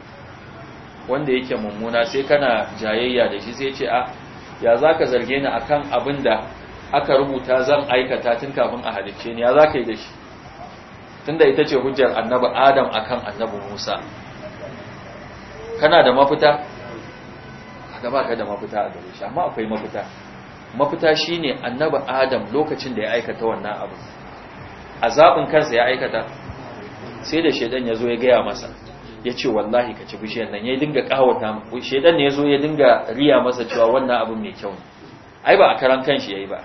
wanda yake mummuna sai kana jayayya da shi sai ce a ah, ya za ka zarge ni a kan abin da aka rubuta zan aikata tun kafin a halicce ni ya za ka yi da shi Tunda ita ce hujjar annabi adam a kan annabi musa kana da mafita kaga ba ka da mafita a gare shi amma akwai mafita mafita shi ne annabi adam lokacin da ya aikata wannan abu a zaɓin kansa ya aikata sai da shaidan ya zo ya gaya masa ya ce wallahi ka ci bishiyar nan ya dinga kawata shedan ne ya zo ya dinga riya masa cewa wannan abin mai kyau ne ai ba a karan kanshi yayi ba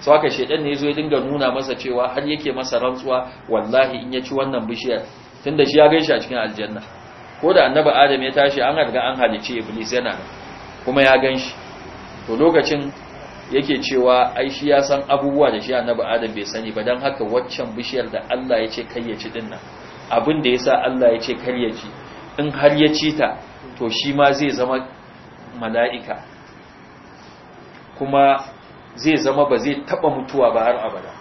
sau haka shaidan ne ya zo ya dinga nuna masa cewa har yake masa rantsuwa wallahi in ya ci wannan bishiyar tun da shi ya gaishe a cikin aljanna ko da annaba adam ya tashi an riga an halice iblis yana kuma ya ganshi to lokacin yake cewa ai shi ya san abubuwa da shi annabi adam bai sani ba dan haka waccan bishiyar da Allah ya ce ya ci dinnan abin da yasa Allah ya ce ya ci in har ya ci ta to shi ma zai zama mala'ika kuma zai zama ba zai taba mutuwa ba har abada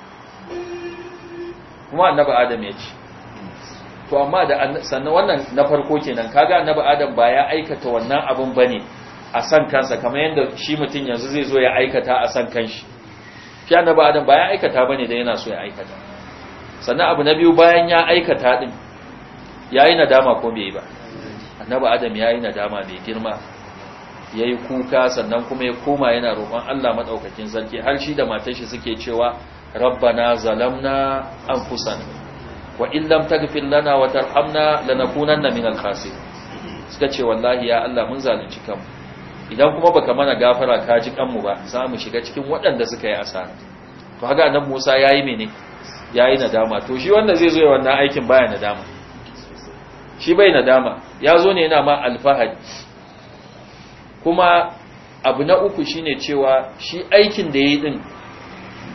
kuma annabi adam ya ci to amma da sannan wannan na farko kenan kaga annabi adam ba ya aikata wannan abin bane a san kansa kamar yadda shi mutum yanzu zai zo ya aikata a san kanshi shi ba adam ba ya aikata bane da yana so ya aikata sannan abu na biyu bayan ya aikata din yayi nadama ko bai ba annabi adam yayi nadama mai girma yayi kuka sannan kuma ya koma yana roƙon Allah maɗaukakin sarki har shi da matar shi suke cewa rabbana zalamna anfusana wa illam taghfir lana wa tarhamna lanakunanna minal khasirin suka ce wallahi ya Allah mun zalunci kanmu idan kuma baka mana gafara ka ji kanmu ba za mu shiga cikin waɗanda suka yi asara to haka annabi Musa yayi mene yayi nadama to shi wanda zai zo ya wannan aikin baya nadama shi bai nadama ya zo ne yana ma alfahari kuma abu na uku shine cewa shi aikin da yayi din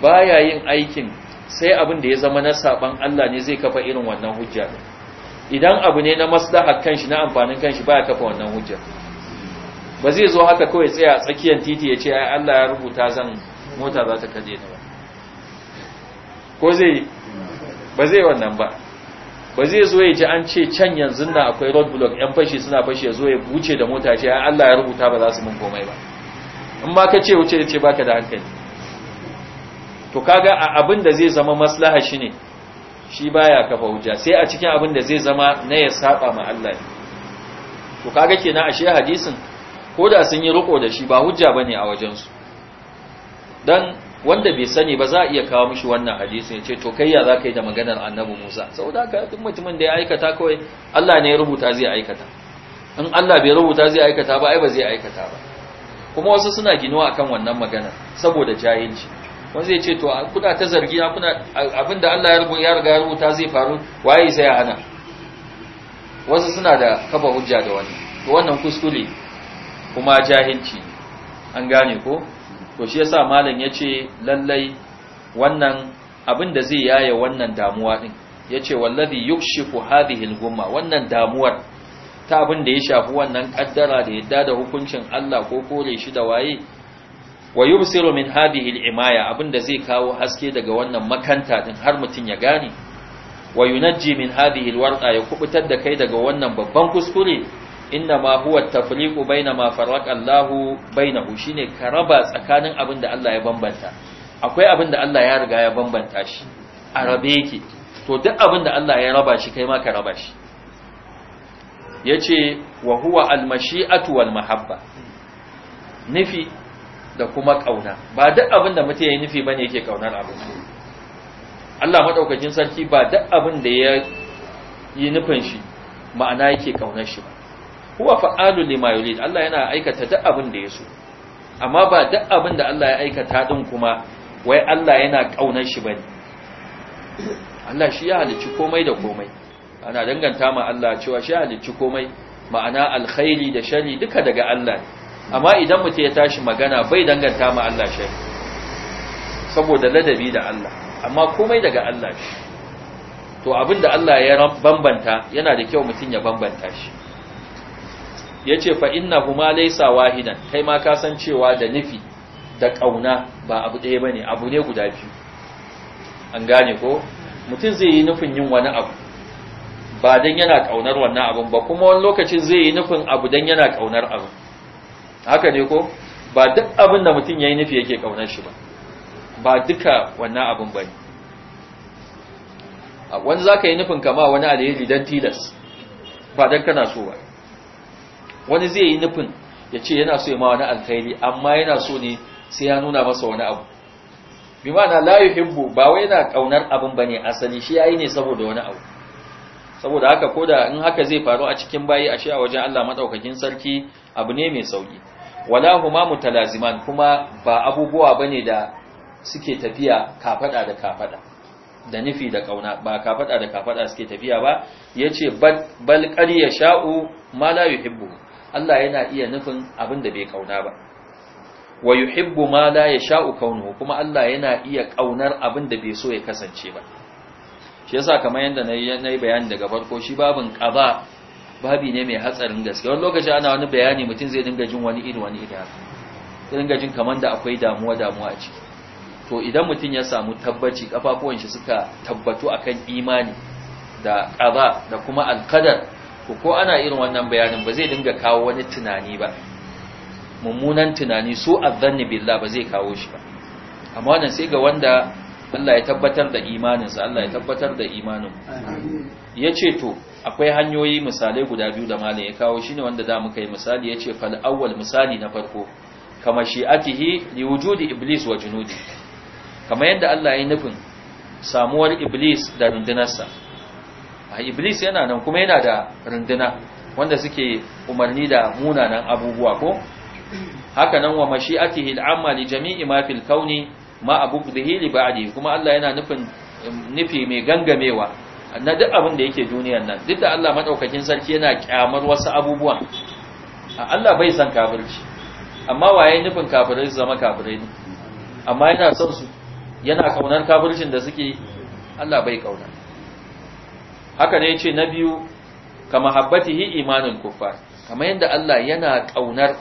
baya yin aikin sai abin da ya zama na saban Allah ne zai kafa irin wannan hujja idan abu ne na maslaha kanshi na amfanin kanshi baya kafa wannan hujja ba zai zo haka kawai tsaya a tsakiyar titi ya ce ai Allah ya rubuta zan mota za ta kaje ni ba ko zai ba zai wannan ba ba zai zo ya ji an ce can yanzu na akwai road block yan fashi suna fashi ya zo ya buce da mota ce ai Allah ya rubuta ba za su mun komai ba in ma ka ce wuce ce baka da hankali to kaga a abin da zai zama maslaha shine shi baya kafa hujja sai a cikin abin da zai zama na ya saba ma Allah ne to kaga kenan ashe hadisin ko da sun yi riko da shi ba hujja bane a wajensu dan wanda bai sani ba za a iya kawo mishi wannan hadisi ne ce to kai ya zaka yi da maganar annabi Musa saboda haka duk mutumin da ya aikata kawai Allah ne ya rubuta zai aikata in Allah bai rubuta zai aikata ba ai ba zai aikata ba kuma wasu suna ginuwa akan wannan magana saboda jahilci wanda zai ce to kuna ta zargi na kuna abinda Allah ya rubuta ya riga ya rubuta zai faru waye sai ya hana wasu suna da kafa hujja da wannan to wannan kuskure kuma jahilci an gane ko to shi yasa malam yace lallai wannan abin da zai yaye wannan damuwa din yace wallazi yukshifu hadhihi al-gumma wannan damuwar ta abin da ya shafi wannan kaddara da yadda da hukuncin Allah ko kore shi da waye wa yubsiru min hadhihi al-imaya abin da zai kawo haske daga wannan makanta din har mutun ya gane wa yunajji min hadhihi al-warqa ya kubutar da kai daga wannan babban kuskure inna ma huwa tafriqu baina ma farraqa Allahu bainahu shine ka raba tsakanin abin da Allah ya bambanta akwai abin da Allah ya riga ya bambanta shi a rabe yake to duk abin da Allah ya raba shi kai ma ka raba shi yace wa huwa al-mashi'atu wal mahabba nufi da kuma kauna ba duk abin da mutum yayi nufi bane yake kaunar abin Allah madaukakin sarki ba duk abin da ya yi nufin shi ma'ana yake kaunar shi ba huwa fa'alu lima yurid Allah yana aikata duk abin da yaso amma ba duk abin da Allah ya aikata din kuma wai Allah yana kaunar shi bane Allah shi ya halicci komai da komai ana danganta ma Allah cewa shi ya halicci komai ma'ana alkhairi da shari duka daga Allah amma idan mutum ya tashi magana bai danganta ma Allah shari saboda ladabi da Allah amma komai daga Allah shi to abinda Allah ya bambanta yana da kyau mutum ya bambanta shi Ya ce fa innahuma laysa wahidan kai ma ka san cewa da nufi da kauna ba abu ɗaya bane abu ne guda biyu an gane ko mutum zai yi nufin yin wani abu ba dan yana kaunar wannan abun ba kuma wani lokacin zai yi nufin abu dan yana kaunar abu haka ne ko ba duk abin da mutum yayi nufi yake kaunar shi ba ba duka wannan abun bane wani zaka yi nufin kama wani alheri dan tilas ba dan kana so ba wani zai yi nufin ya ce yana so ya ma wani alkhairi amma yana so ne sai ya nuna masa wani abu bi ma'ana la yuhibbu ba wai yana kaunar abin bane asali shi ya yi ne saboda wani abu saboda haka ko da in haka zai faru a cikin bayi ashe a wajen Allah maɗaukakin sarki abu ne mai sauki wala huma mutalaziman kuma ba abubuwa bane da suke tafiya kafada da kafada da nufi da kauna ba kafaɗa da kafaɗa suke tafiya ba yace bal ya sha'u ma la yuhibbu Allah yana iya nufin abin da bai kauna ba wa yuhibbu ma la yasha'u kaunuhu kuma Allah yana iya kaunar abin da bai so ya kasance ba shi yasa kamar yanda nayi nayi bayani daga farko shi babin qaba babi ne mai hatsarin gaske wani lokaci ana wani bayani mutum zai dinga jin wani iri wani zai dinga jin kamar da akwai damuwa damuwa a ciki to idan mutum ya samu tabbaci kafafuwan shi suka tabbatu akan imani da qaba da kuma alqadar ko ko ana irin wannan bayanin ba zai dinga kawo wani tunani ba mummunan tunani su azzanni billah ba zai kawo shi ba amma wannan sai ga wanda Allah ya tabbatar da imaninsa Allah ya tabbatar da imanin yace ce to akwai hanyoyi misalai guda biyu da malam ya kawo shine wanda da muka yi misali yace ce fal awwal misali na farko kama shi'atihi li wujudi iblis wa junudi Kama yadda Allah ya nufin samuwar iblis da rundunarsa A iblis yana nan kuma yana da runduna wanda suke umarni da munanan abubuwa ko haka nan wa mashi'atihi al'amma li jami'i ma fil kauni ma abuqdihi li ba'di kuma Allah yana nufin um, nufi mai gangamewa na duk abin da yake duniyar nan duk da Allah madaukakin sarki yana kyamar wasu abubuwan Allah bai san kafirci amma waye nufin kafirai su zama kafirai ne amma yana son su yana kaunar kafircin da suke Allah bai kauna haka ne yace na biyu ka mahabbatihi imanul kuffar kamar yadda Allah yana kaunar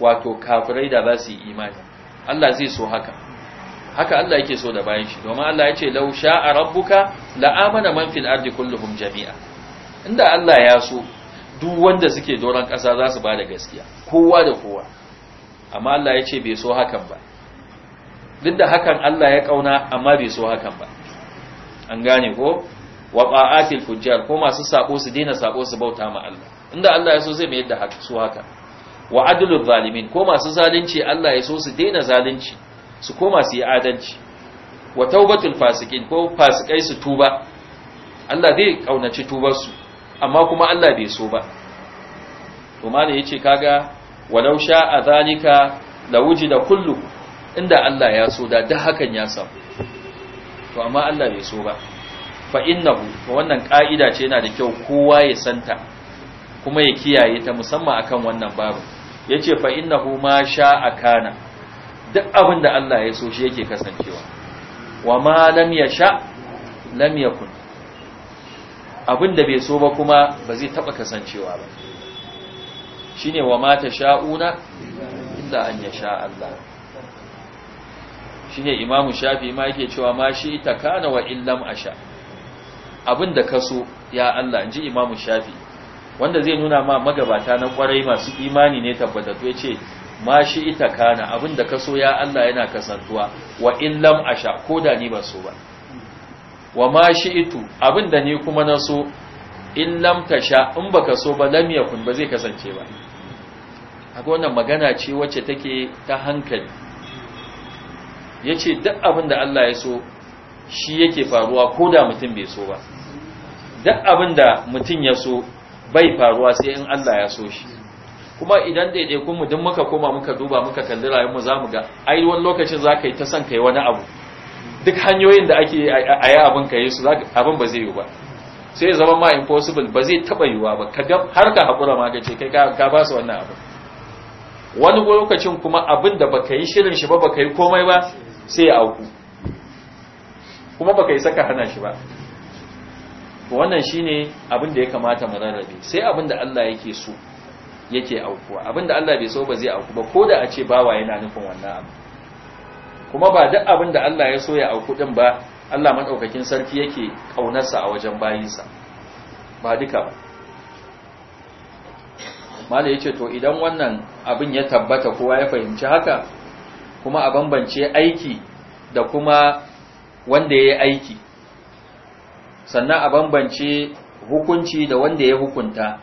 wato kafirai da za su yi imani Allah zai so haka haka Allah yake so da bayan shi domin Allah ya ce lausha a rabbuka la amana man fil ardi kulluhum jami'a inda Allah ya so duk wanda suke doron ƙasa za su bada gaskiya kowa da kowa amma Allah ya ce bai so hakan ba duk da hakan Allah ya kauna amma bai so hakan ba an gane ko wa ba'atil fujjar ko masu sako su daina sako su bauta ma Allah inda Allah ya so zai mayar da su haka wa adlul zalimin ko masu zalunci Allah ya so su daina zalunci su koma su yi adalci wa taubatul fasikin ko fasikai su tuba Allah zai kaunaci tubar su amma kuma Allah bai so ba to malai yace kaga walau sha'a zalika wujida kullu inda Allah ya so da duk hakan ya samu to amma Allah bai so ba fa innahu wannan ka'ida ce yana da kyau kowa ya santa kuma ya kiyaye ta musamman akan wannan babu yace fa innahu ma sha'a kana duk abin da Allah ya so shi yake kasancewa wa ma lam sha, lam yakun abin da bai so ba kuma ba zai taba kasancewa ba shine wa ma sha'una, illa an ya sha Allah shine imamu shafi ma yake cewa ma shi ta kana wa illam asha abin da ka so ya Allah in ji imamu shafi wanda zai nuna ma magabata na kwarai masu imani ne tabbatatu, ya ce ma shi ita kana abin da ka so ya Allah yana kasantuwa wa in lam asha ko da ni ba so ba wa ma shi itu abin da ni kuma na so in lam tasha in ba ka so ba lam yakun ba zai kasance ba haka wannan magana ce wacce take ta hankali yace duk abin da Allah ya so shi yake faruwa ko da mutum bai so ba duk abin da mutum ya so bai faruwa sai in Allah ya so shi kuma idan ya kuma duk muka koma muka duba muka kalli rayuwa mu za mu ga ai wani lokacin za ka yi ta son ka yi wani abu duk hanyoyin da ake a yi abin ka yi su abin ba zai yi ba sai ya zama ma impossible ba zai taɓa yi ba ka ga har ka haƙura ma ka ce kai ka ba su wannan abu wani lokacin kuma abin da baka yi shirin shi ba baka yi komai ba sai ya auku kuma baka yi saka hana shi ba to wannan shine abin da ya kamata mu rarrabe sai abin da Allah yake so yake aukuwa abin da Allah bai so ba zai auku ba koda a ce bawa yana nufin wannan abu kuma ba duk abin da Allah ya so ya auku din ba Allah madaukakin sarki yake sa a wajen bayinsa ba duka ba mala yace to idan wannan abin ya tabbata kowa ya fahimci haka kuma a bambance aiki da kuma wanda ya yi aiki sannan a bambance hukunci da wanda ya hukunta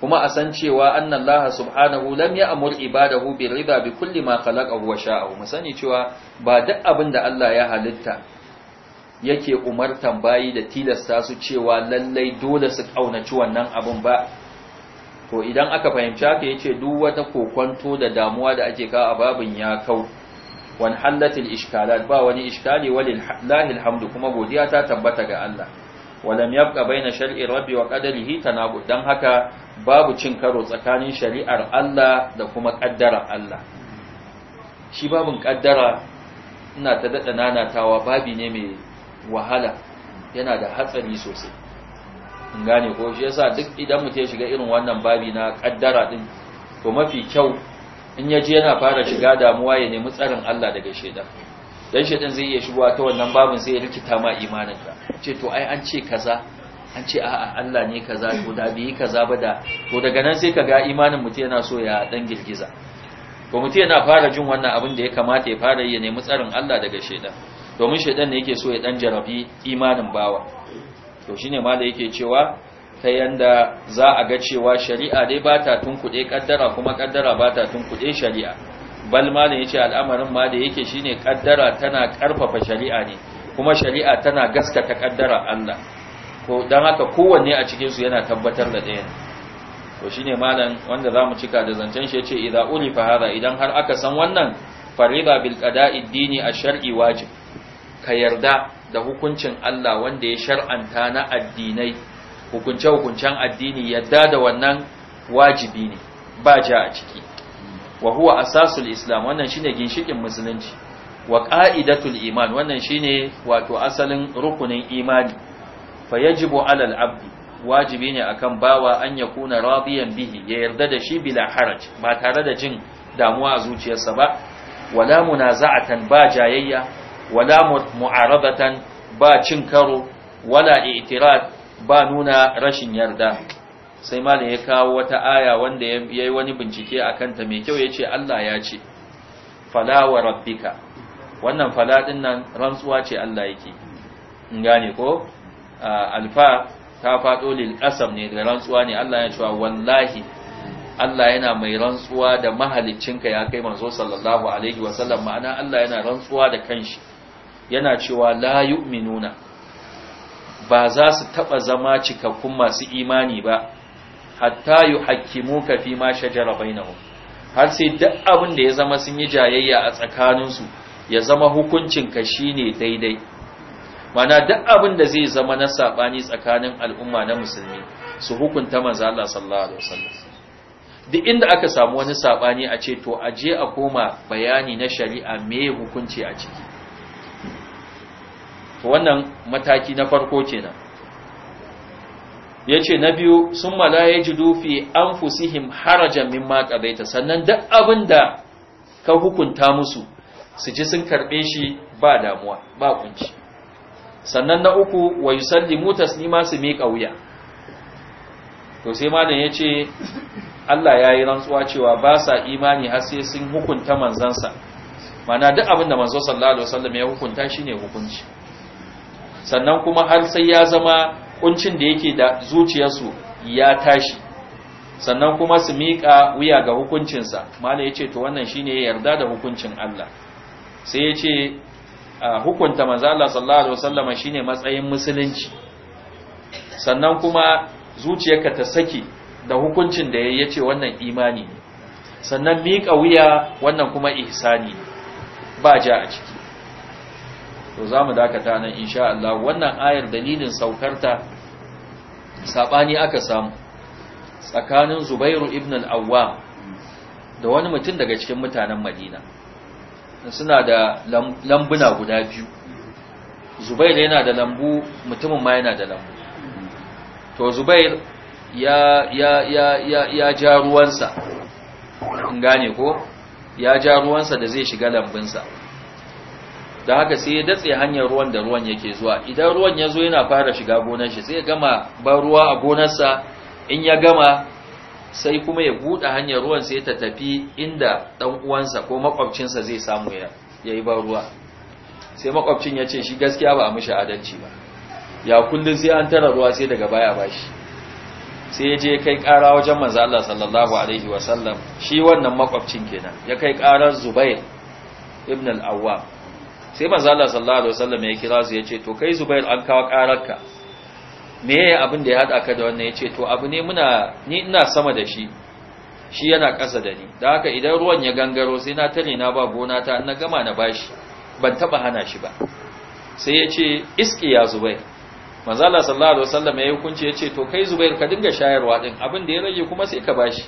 kuma a san cewa annallaha subhanahu lam ya'mur ibadahu bi riba bi kulli ma khalaqa wa sha'a mu sani cewa ba duk abin da Allah ya halitta yake umartan bayi da tilasta su cewa lallai dole su kaunaci wannan abin ba to idan aka fahimci haka yace duk wata kokonto da damuwa da ake kawo a babin ya kau wan hallatil ishkalat ba wani ishkali walillahi alhamdu kuma godiya ta tabbata ga Allah walam yabqa baina shar'i rabbi wa qadarihi tanaqud dan haka babu cin karo tsakanin shari'ar Allah da kuma ƙaddara Allah shi babin ƙaddara ina ta dada nanatawa babi ne mai wahala yana da hatsari sosai in gane ko shi yasa duk idan mutum ya shiga irin wannan babi na ƙaddara din to mafi kyau in ya ji yana fara shiga damuwa ya nemi tsarin Allah daga shaidan dan shaidan zai iya shigowa ta wannan babin sai ya rikita ma imaninka ce to ai an ce kaza an ce a'a Allah ne kaza to da bi kaza ba da to daga nan sai ka ga imanin mutum yana so ya dan girgiza to mutum yana fara jin wannan abin da ya kamata ya fara ya nemi tsarin Allah daga shaidan domin shaidan ne yake so ya dan jarabi imanin bawa to shine ma da yake cewa ta yanda za a ga cewa shari'a dai ba ta tunkuɗe ƙaddara kuma ƙaddara ba ta tunkuɗe shari'a bal ma ya ce al'amarin ma da yake shine ƙaddara tana ƙarfafa shari'a ne kuma shari'a tana gaskata ƙaddara Allah ko don haka kowanne a cikinsu yana tabbatar da ɗayan to shine malam wanda za mu cika da zancen shi ya ce idan ulifa hada idan har aka san wannan fariba bil qada'i dini a shar'i wajib ka yarda da hukuncin Allah wanda ya shar'anta na addinai hukunce-hukuncen addini yadda da wannan wajibi ne ba ja a ciki wa huwa asasul islam wannan shine ginshikin musulunci wa qa'idatul iman wannan shine wato asalin rukunin imani fa yajibu alal abdi wajibi ne akan bawa an yakuna radiyan bihi ya yarda da shi bila haraj ba tare da jin damuwa a zuciyarsa ba wala munaza'atan ba jayayya wala mu'aradatan ba cin karo wala i'tirad ba nuna rashin yarda sai ma ya kawo wata aya wanda ya yi wani bincike a kanta mai kyau ya ce Allah ya ce fala wa rabbika wannan fala ɗin nan rantsuwa ce Allah yake in gane ko alfa ta faɗo lil ƙasam ne da rantsuwa ne Allah ya cewa wallahi Allah yana mai rantsuwa da mahaliccinka ya kai manzo sallallahu alaihi wasallam ma'ana Allah yana rantsuwa da kanshi yana cewa la yu'minuna ba za su taɓa zama cikakkun masu imani ba hatta yi hakimu ka fi ma shajara bainahu har sai duk abin da ya zama sun yi jayayya a tsakaninsu ya zama hukuncinka shi ne daidai mana duk abin da zai zama na saɓani tsakanin al'umma na musulmi su hukunta manzo Allah sallallahu alaihi wasallam duk inda aka samu wani saɓani a ce to a je a koma bayani na shari'a me hukunci a ciki wannan mataki na farko kenan yace na biyu sun mala yajidu fi anfusihim harajan mimma qadaita sannan duk da ka hukunta musu su ji sun karbe shi ba damuwa ba kunci sannan na uku wa yusallimu taslima su miƙa wuya to sai malam yace Allah ya yi rantsuwa cewa ba sa imani har sai sun hukunta manzansa mana duk abin da manzo sallallahu alaihi wasallam ya hukunta shine hukunci sannan kuma har sai ya zama kuncin da yake da zuciyarsu ya tashi sannan kuma su miƙa wuya ga hukuncinsa mala ya ce to wannan shine yarda da hukuncin Allah sai ya ce hukunta Mazala Allah sallallahu alaihi wasallama shine matsayin musulunci sannan kuma zuciyarka ta saki da hukuncin da ya ce wannan imani ne sannan miƙa wuya wannan kuma ihsani ba ja a ciki to za mu dakata nan insha Allah wannan ayar dalilin saukarta sabani aka samu tsakanin Zubairu ibn al-Awwam da wani mutum daga cikin mutanen Madina suna da lambuna guda biyu Zubair yana da lambu mutumin ma yana da lambu to Zubair ya ya ya ya ya ja ruwansa gane ko ya ja ruwansa da zai shiga lambunsa da haka sai ya datse hanyar ruwan da ruwan yake zuwa idan ruwan ya zo yana fara shiga gonar shi sai ya gama ban ruwa a gonarsa in ya gama sai kuma ya buɗe hanyar ruwan sai ta tafi inda ɗan uwansa ko makwabcinsa zai samu ya yi ban ruwa sai makwabcin ya ce shi gaskiya ba a mishi adalci ba ya kullum sai an tara ruwa sai daga baya bashi sai ya je kai ƙara wajen manzo Allah sallallahu alaihi wasallam shi wannan makwabcin kenan ya kai ƙarar Zubair ibn al-Awwam sai manzo Allah sallallahu alaihi wasallam ya kira su yace to kai Zubair an kawo ƙararka. me yayi abin da ya hada ka da wannan yace to abu ne muna ni ina sama da shi shi yana ƙasa da ni da haka idan ruwan ya gangaro sai na tare na ba gona ta na gama na bashi ban taba hana shi ba sai yace iski ya Zubair manzo Allah sallallahu alaihi wasallam ya hukunci yace to kai Zubair ka dinga shayarwa din abin da ya rage kuma sai ka bashi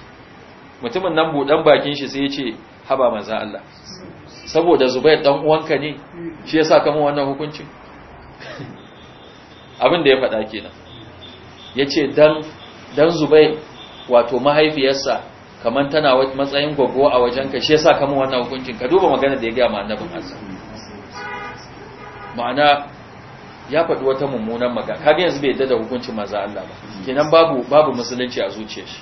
mutumin nan budan bakin shi sai yace haba manzo Allah saboda zubai dan uwanka ne shi yasa kama wannan hukuncin abin da ya faɗa kenan yace dan dan zubai wato mahaifiyarsa kaman tana matsayin gogo a wajenka shi yasa kama wannan hukuncin ka duba magana da ya ga annabin Allah ma'ana ya faɗi wata mummunan magana kaga yanzu bai yadda da hukuncin maza Allah ba kenan babu babu musulunci a zuciyarsa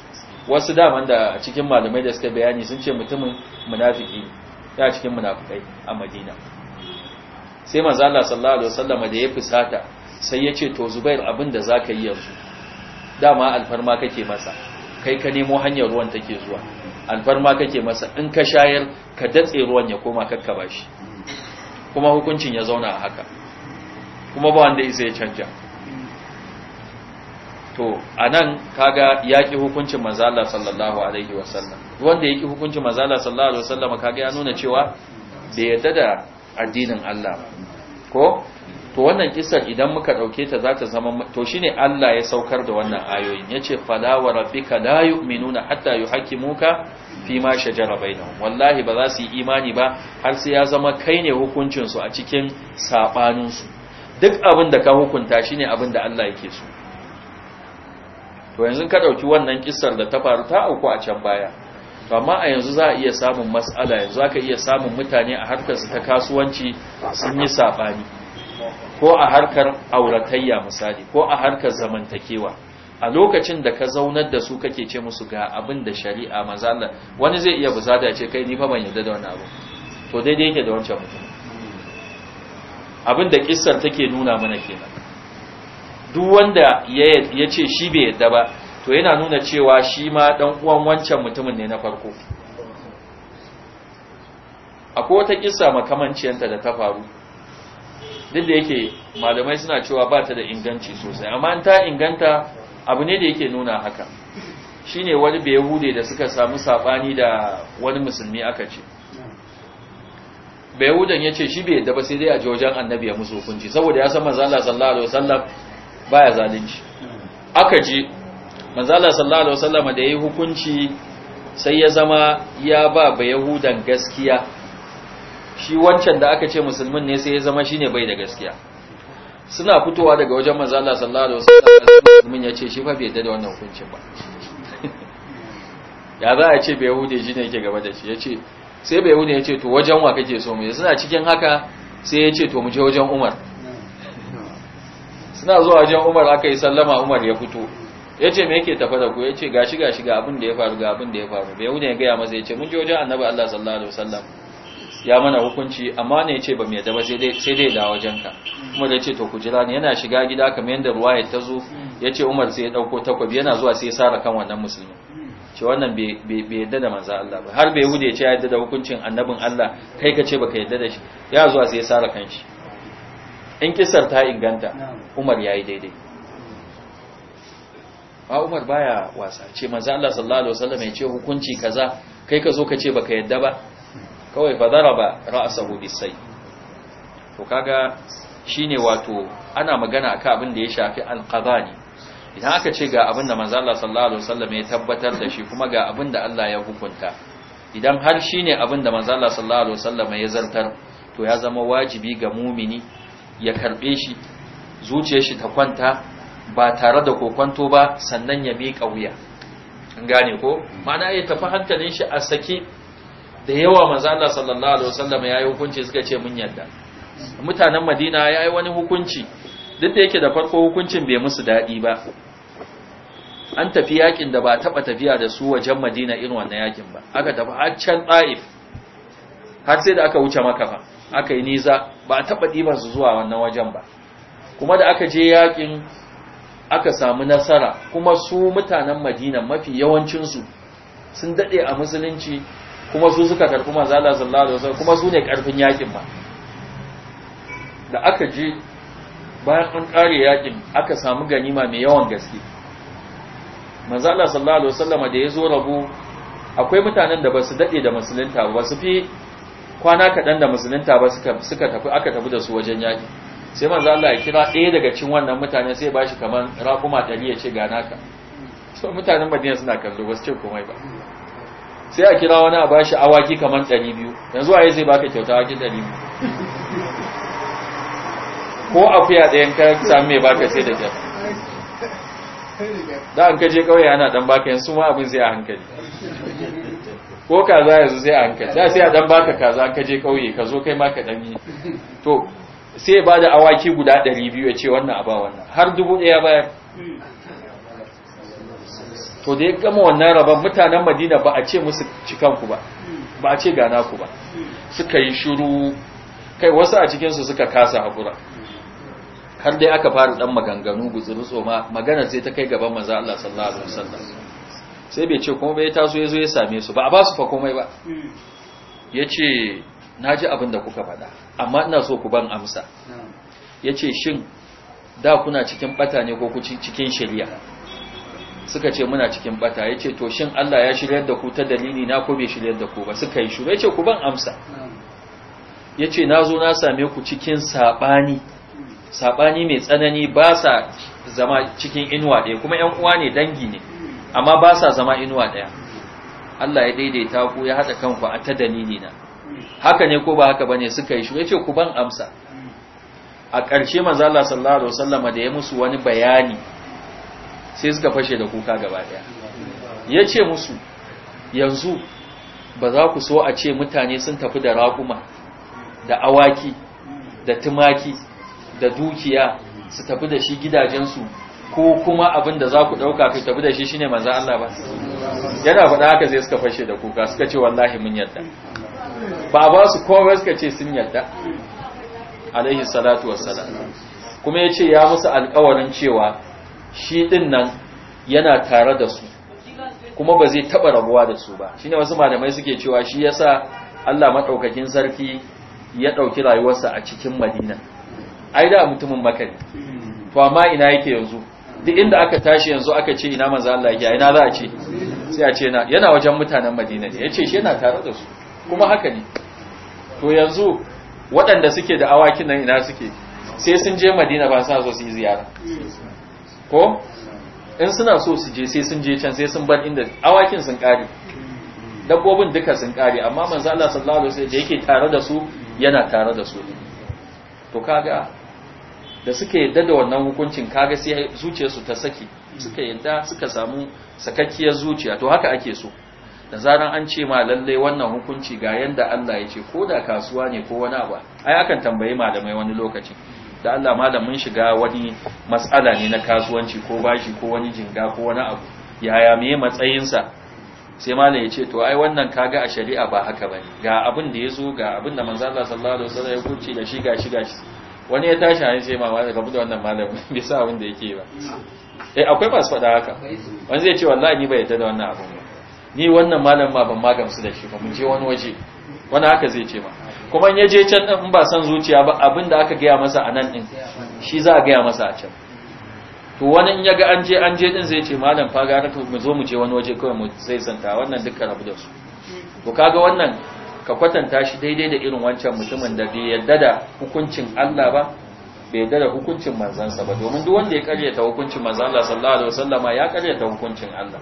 wasu daman da cikin malamai da suka bayani sun ce mutumin munafiki ne ta cikin munafikai a madina sai manzo Allah sallallahu alaihi wasallam da ya fusata sai ya ce to zubair abin da ka yi yanzu dama alfarma kake masa kai ka nemo hanyar ruwan take zuwa alfarma kake masa in ka shayar ka datse ruwan ya koma kakka bashi kuma hukuncin ya zauna a haka kuma ba wanda isa ya canja to anan kaga yaki hukuncin manzo sallallahu alaihi wasallam wanda yaki hukuncin manzo Allah sallallahu alaihi wasallam kaga ya nuna cewa bai yarda da addinin Allah ko to wannan kissar idan muka dauke ta zata ta zama to shine Allah ya saukar da wannan ayoyin yace fala wa rabbika la yu'minuna hatta yuhaqqimuka fima shajara bainahum wallahi ba za su yi imani ba har sai ya zama kai ne hukuncin su a cikin sabanin su duk abin da ka hukunta shine abin da Allah yake so to yanzu ka dauki wannan kissar da ta faru ta auku a can baya to amma a yanzu za a iya samun matsala yanzu aka iya samun mutane a harkar su ta kasuwanci sun yi sabani ko a harkar auratayya misali ko a harkar zamantakewa a lokacin da ka zaunar da su kake ce musu ga abin da shari'a mazalla. wani zai iya buzada ya ce kai ni fa ban yarda da wannan abu to daidai yake da wancan mutum abin da kissar take nuna mana kenan duk wanda ya ce shi bai yadda ba to yana nuna cewa shi ma dan uwan wancan mutumin ne na farko akwai wata kissa makamanciyanta da ta faru duk da yake malamai suna cewa ba ta da inganci sosai amma ta inganta abu ne da yake nuna haka Shi ne wani bai hude da suka samu sabani da wani musulmi aka ce bai yace ya ce shi bai yadda ba sai dai a wajen annabi ya musu hukunci saboda ya san manzo Allah sallallahu alaihi wasallam baya zalunci aka je manzala sallallahu alaihi wasallam da yayi hukunci sai ya zama ya ba ba yahudan gaskiya shi wancan da aka ce musulmin ne sai ya zama shine bai da gaskiya suna fitowa daga wajen manzala sallallahu alaihi wasallam musulmin ya ce shi fa bai da wannan hukunci ba ya za a ce bai yahude ji ne yake gaba da shi ya ce sai bai yahude ya ce to wajen wa kake so mu suna cikin haka sai ya ce to mu je wajen umar suna zuwa wajen umar aka yi sallama umar ya fito ya ce me yake tafa da ku ya ce gashi gashi ga abin da ya faru ga abin da ya faru bai wuce ya gaya masa ya ce mun je wajen annabi allah sallallahu alaihi wasallam ya mana hukunci amma ne ya ce ba yadda ba sai dai da wajenka kuma da ce to ku jira ni yana shiga gida kamar yadda ruwa ya ta zo ya ce umar sai ya ɗauko takwabi yana zuwa sai ya sara kan wannan musulmi ce wannan bai yadda da manzo Allah ba har bai hude ya ce ya yadda da hukuncin annabin Allah kai ka ce baka yadda da shi ya zuwa sai ya sara kan shi in kisar ta inganta umar ya yi daidai ba umar baya wasa ce maza Allah sallallahu alaihi wasallam ya ce hukunci kaza kai ka zo ka ce baka yadda ba kawai fa daraba ra'sahu sai. to kaga shine wato ana magana akan abin da ya shafi alqada ne idan aka ce ga abin da manzo Allah sallallahu alaihi wasallam ya tabbatar da shi kuma ga abin da Allah ya hukunta idan har shine abin da maza Allah sallallahu alaihi wasallam ya zartar to ya zama wajibi ga mumini ya karbe shi zuciyar shi ta kwanta ba tare da kokwanto ba sannan ya miƙa wuya an gane ko mm. Ma'ana ya tafi hankalin shi a sake da yawa manzo Allah sallallahu alaihi wasallam yayi hukunci suka ce mun yarda mutanen Madina yayi wani hukunci duk da yake da farko hukuncin bai musu dadi ba an tafi yakin da ba taba tafiya da su wajen Madina irin wannan yakin ba aka tafi a can Taif har sai da aka wuce Makka aka yi niza ba a taɓa su zuwa wannan wajen ba kuma da aka je yaƙin aka samu nasara kuma su mutanen madina mafi yawancinsu sun daɗe a musulunci kuma su suka karfi mazala, sallallahu alaihi kuma su ne ƙarfin yaƙin ba da aka je bayan an ƙare yaƙin aka samu ganima mai yawan gaske mazala, sallallahu alaihi wasallam da ya zo rabu akwai mutanen da ba su daɗe da musulunta ba su fi kwana kaɗan da musulunta ba suka tafi aka tafi da su wajen yaƙi sai manzo Allah ya kira ɗaya daga cikin wannan mutane sai ba shi kamar raƙuma ɗari ya ce ga naka so mutanen madina suna kallo ba su ce komai ba sai a kira wani a ba shi awaki kamar ɗari biyu yanzu a yi zai baka kyauta awaki ɗari biyu ko akuya ɗayan ka sami mai baka sai da kyau? da an kaje kawai ana ɗan baka yanzu ma abin zai a hankali ko kaza yanzu sai a hankali sai a dan baka kaza ka je kauye ka zo kai ma ka dan yi to sai ya bada awaki guda 200 ya ce wannan a ba wannan har dubu daya bayar to da ya gama wannan rabon mutanen madina ba a ce musu cikanku ba ba a ce gana ku ba suka yi shiru kai wasu a cikinsu suka kasa haƙura har dai aka fara ɗan maganganu gutsuru tsoma magana sai ta kai gaban maza Allah sallallahu alaihi wasallam sai bai ce kuma bai taso ya zo ya same su ba a ba su fa komai ba hmm. ya ce na ji abin da kuka faɗa amma ina so ku ban amsa hmm. ya ce shin da kuna cikin ɓata ne ko ku cikin shari'a suka ce muna cikin ɓata ya ce to shin Allah ya shiryar da ku ta dalili na ko bai shiryar da ku ba suka yi shuru ya ce ku ban amsa hmm. ya ce na zo na same ku cikin saɓani saɓani mai tsanani ba sa zama cikin inuwa ɗaya kuma ‘yan uwa ne dangi ne amma ba sa zama inuwa ɗaya Allah ya daidaita ku ya haɗa kanku a ta dalili na haka ne ko ba haka bane suka yi shi yace ku ban amsa a ƙarshe manzo Allah sallallahu alaihi wasallam da ya musu wani bayani sai suka fashe da kuka gaba daya yace musu yanzu ba za ku so a ce mutane sun tafi da raƙuma da awaki da tumaki da dukiya su tafi da shi gidajensu ko kuma abin da za ku ɗauka ku tafi da shi shine manzan Allah ba yana faɗa haka zai suka fashe da kuka suka ce wallahi mun yadda ba ba su komai suka ce sun yadda alaihi salatu wassalam kuma ya ce ya musu alƙawarin cewa shi ɗin nan yana tare da su kuma ba zai taɓa rabuwa da su ba shine wasu malamai suke cewa shi yasa Allah maɗaukakin sarki ya ɗauki rayuwarsa a cikin madina ai da mutumin makari to amma ina yake yanzu duk inda aka tashi yanzu aka ce ina manzo Allah yake ina za a ce sai a ce na yana wajen mutanen Madina ne yace shi yana tare da su kuma haka ne to yanzu waɗanda suke da awakin nan ina suke sai sun je Madina ba sa so su yi ziyara ko in suna so su je sai sun je can sai sun bar inda awakin sun kare dabbobin duka sun kare amma manzo Allah sallallahu alaihi wasallam da yake tare da su yana tare da su to kaga da suka yadda da wannan hukuncin kaga sai zuciyarsu ta saki suka yadda suka samu sakakkiyar zuciya to haka ake so da zaran an ce ma lalle wannan hukunci ga yanda Allah ya ce ko da kasuwa ne ko wani abu ai akan tambayi malamai wani lokaci da Allah malamin shiga wani matsala ne na kasuwanci ko bashi ko wani jinga ko wani abu yaya me matsayinsa sai malam ya ce to ai wannan kaga a shari'a ba haka bane ga abin da yazo ga abin da manzo Allah sallallahu alaihi wasallam ya kuce da shi ga shi ga shi wani ya tashi hanyar sai mama daga da wannan malamin bai sa abin da yake ba eh akwai masu faɗa haka wani zai ce wallahi ni bai yarda da wannan abin ba ni wannan malamin ma ban magamsu da shi ba mun je wani waje wani haka zai ce ma kuma ya je can ɗin ba san zuciya ba abin da aka gaya masa a nan ɗin shi za a gaya masa a can to wani in ya ga an je an je ɗin zai ce malam fa ga mu zo mu je wani waje kawai mu sai santa wannan dukkan abu da su to kaga wannan ka kwatanta shi daidai da irin wancan mutumin da bai yadda da hukuncin Allah ba bai yadda da hukuncin manzansa ba domin duk wanda ya karyata hukuncin manzon Allah sallallahu alaihi wasallama ya karyata hukuncin Allah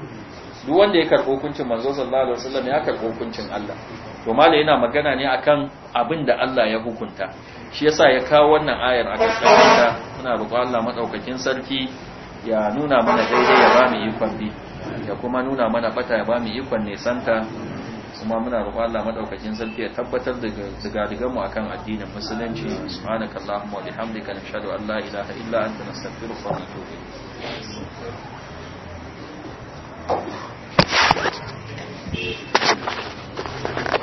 duk wanda ya karbo hukuncin manzo sallallahu alaihi wasallam ya karbo hukuncin Allah to malai yana magana ne akan abin da Allah ya hukunta shi yasa ya kawo wannan ayar a cikin ta muna roƙon Allah madaukakin sarki ya nuna mana daidai ya bamu ikon bi ya kuma nuna mana fata ya bamu ikon nesanta kuma muna roƙon Allah madaukakin sarki ya tabbatar da zigadigan mu akan addinin musulunci subhanakallahumma wa bihamdika nashhadu an la ilaha illa anta nastaghfiruka wa natubu ilayk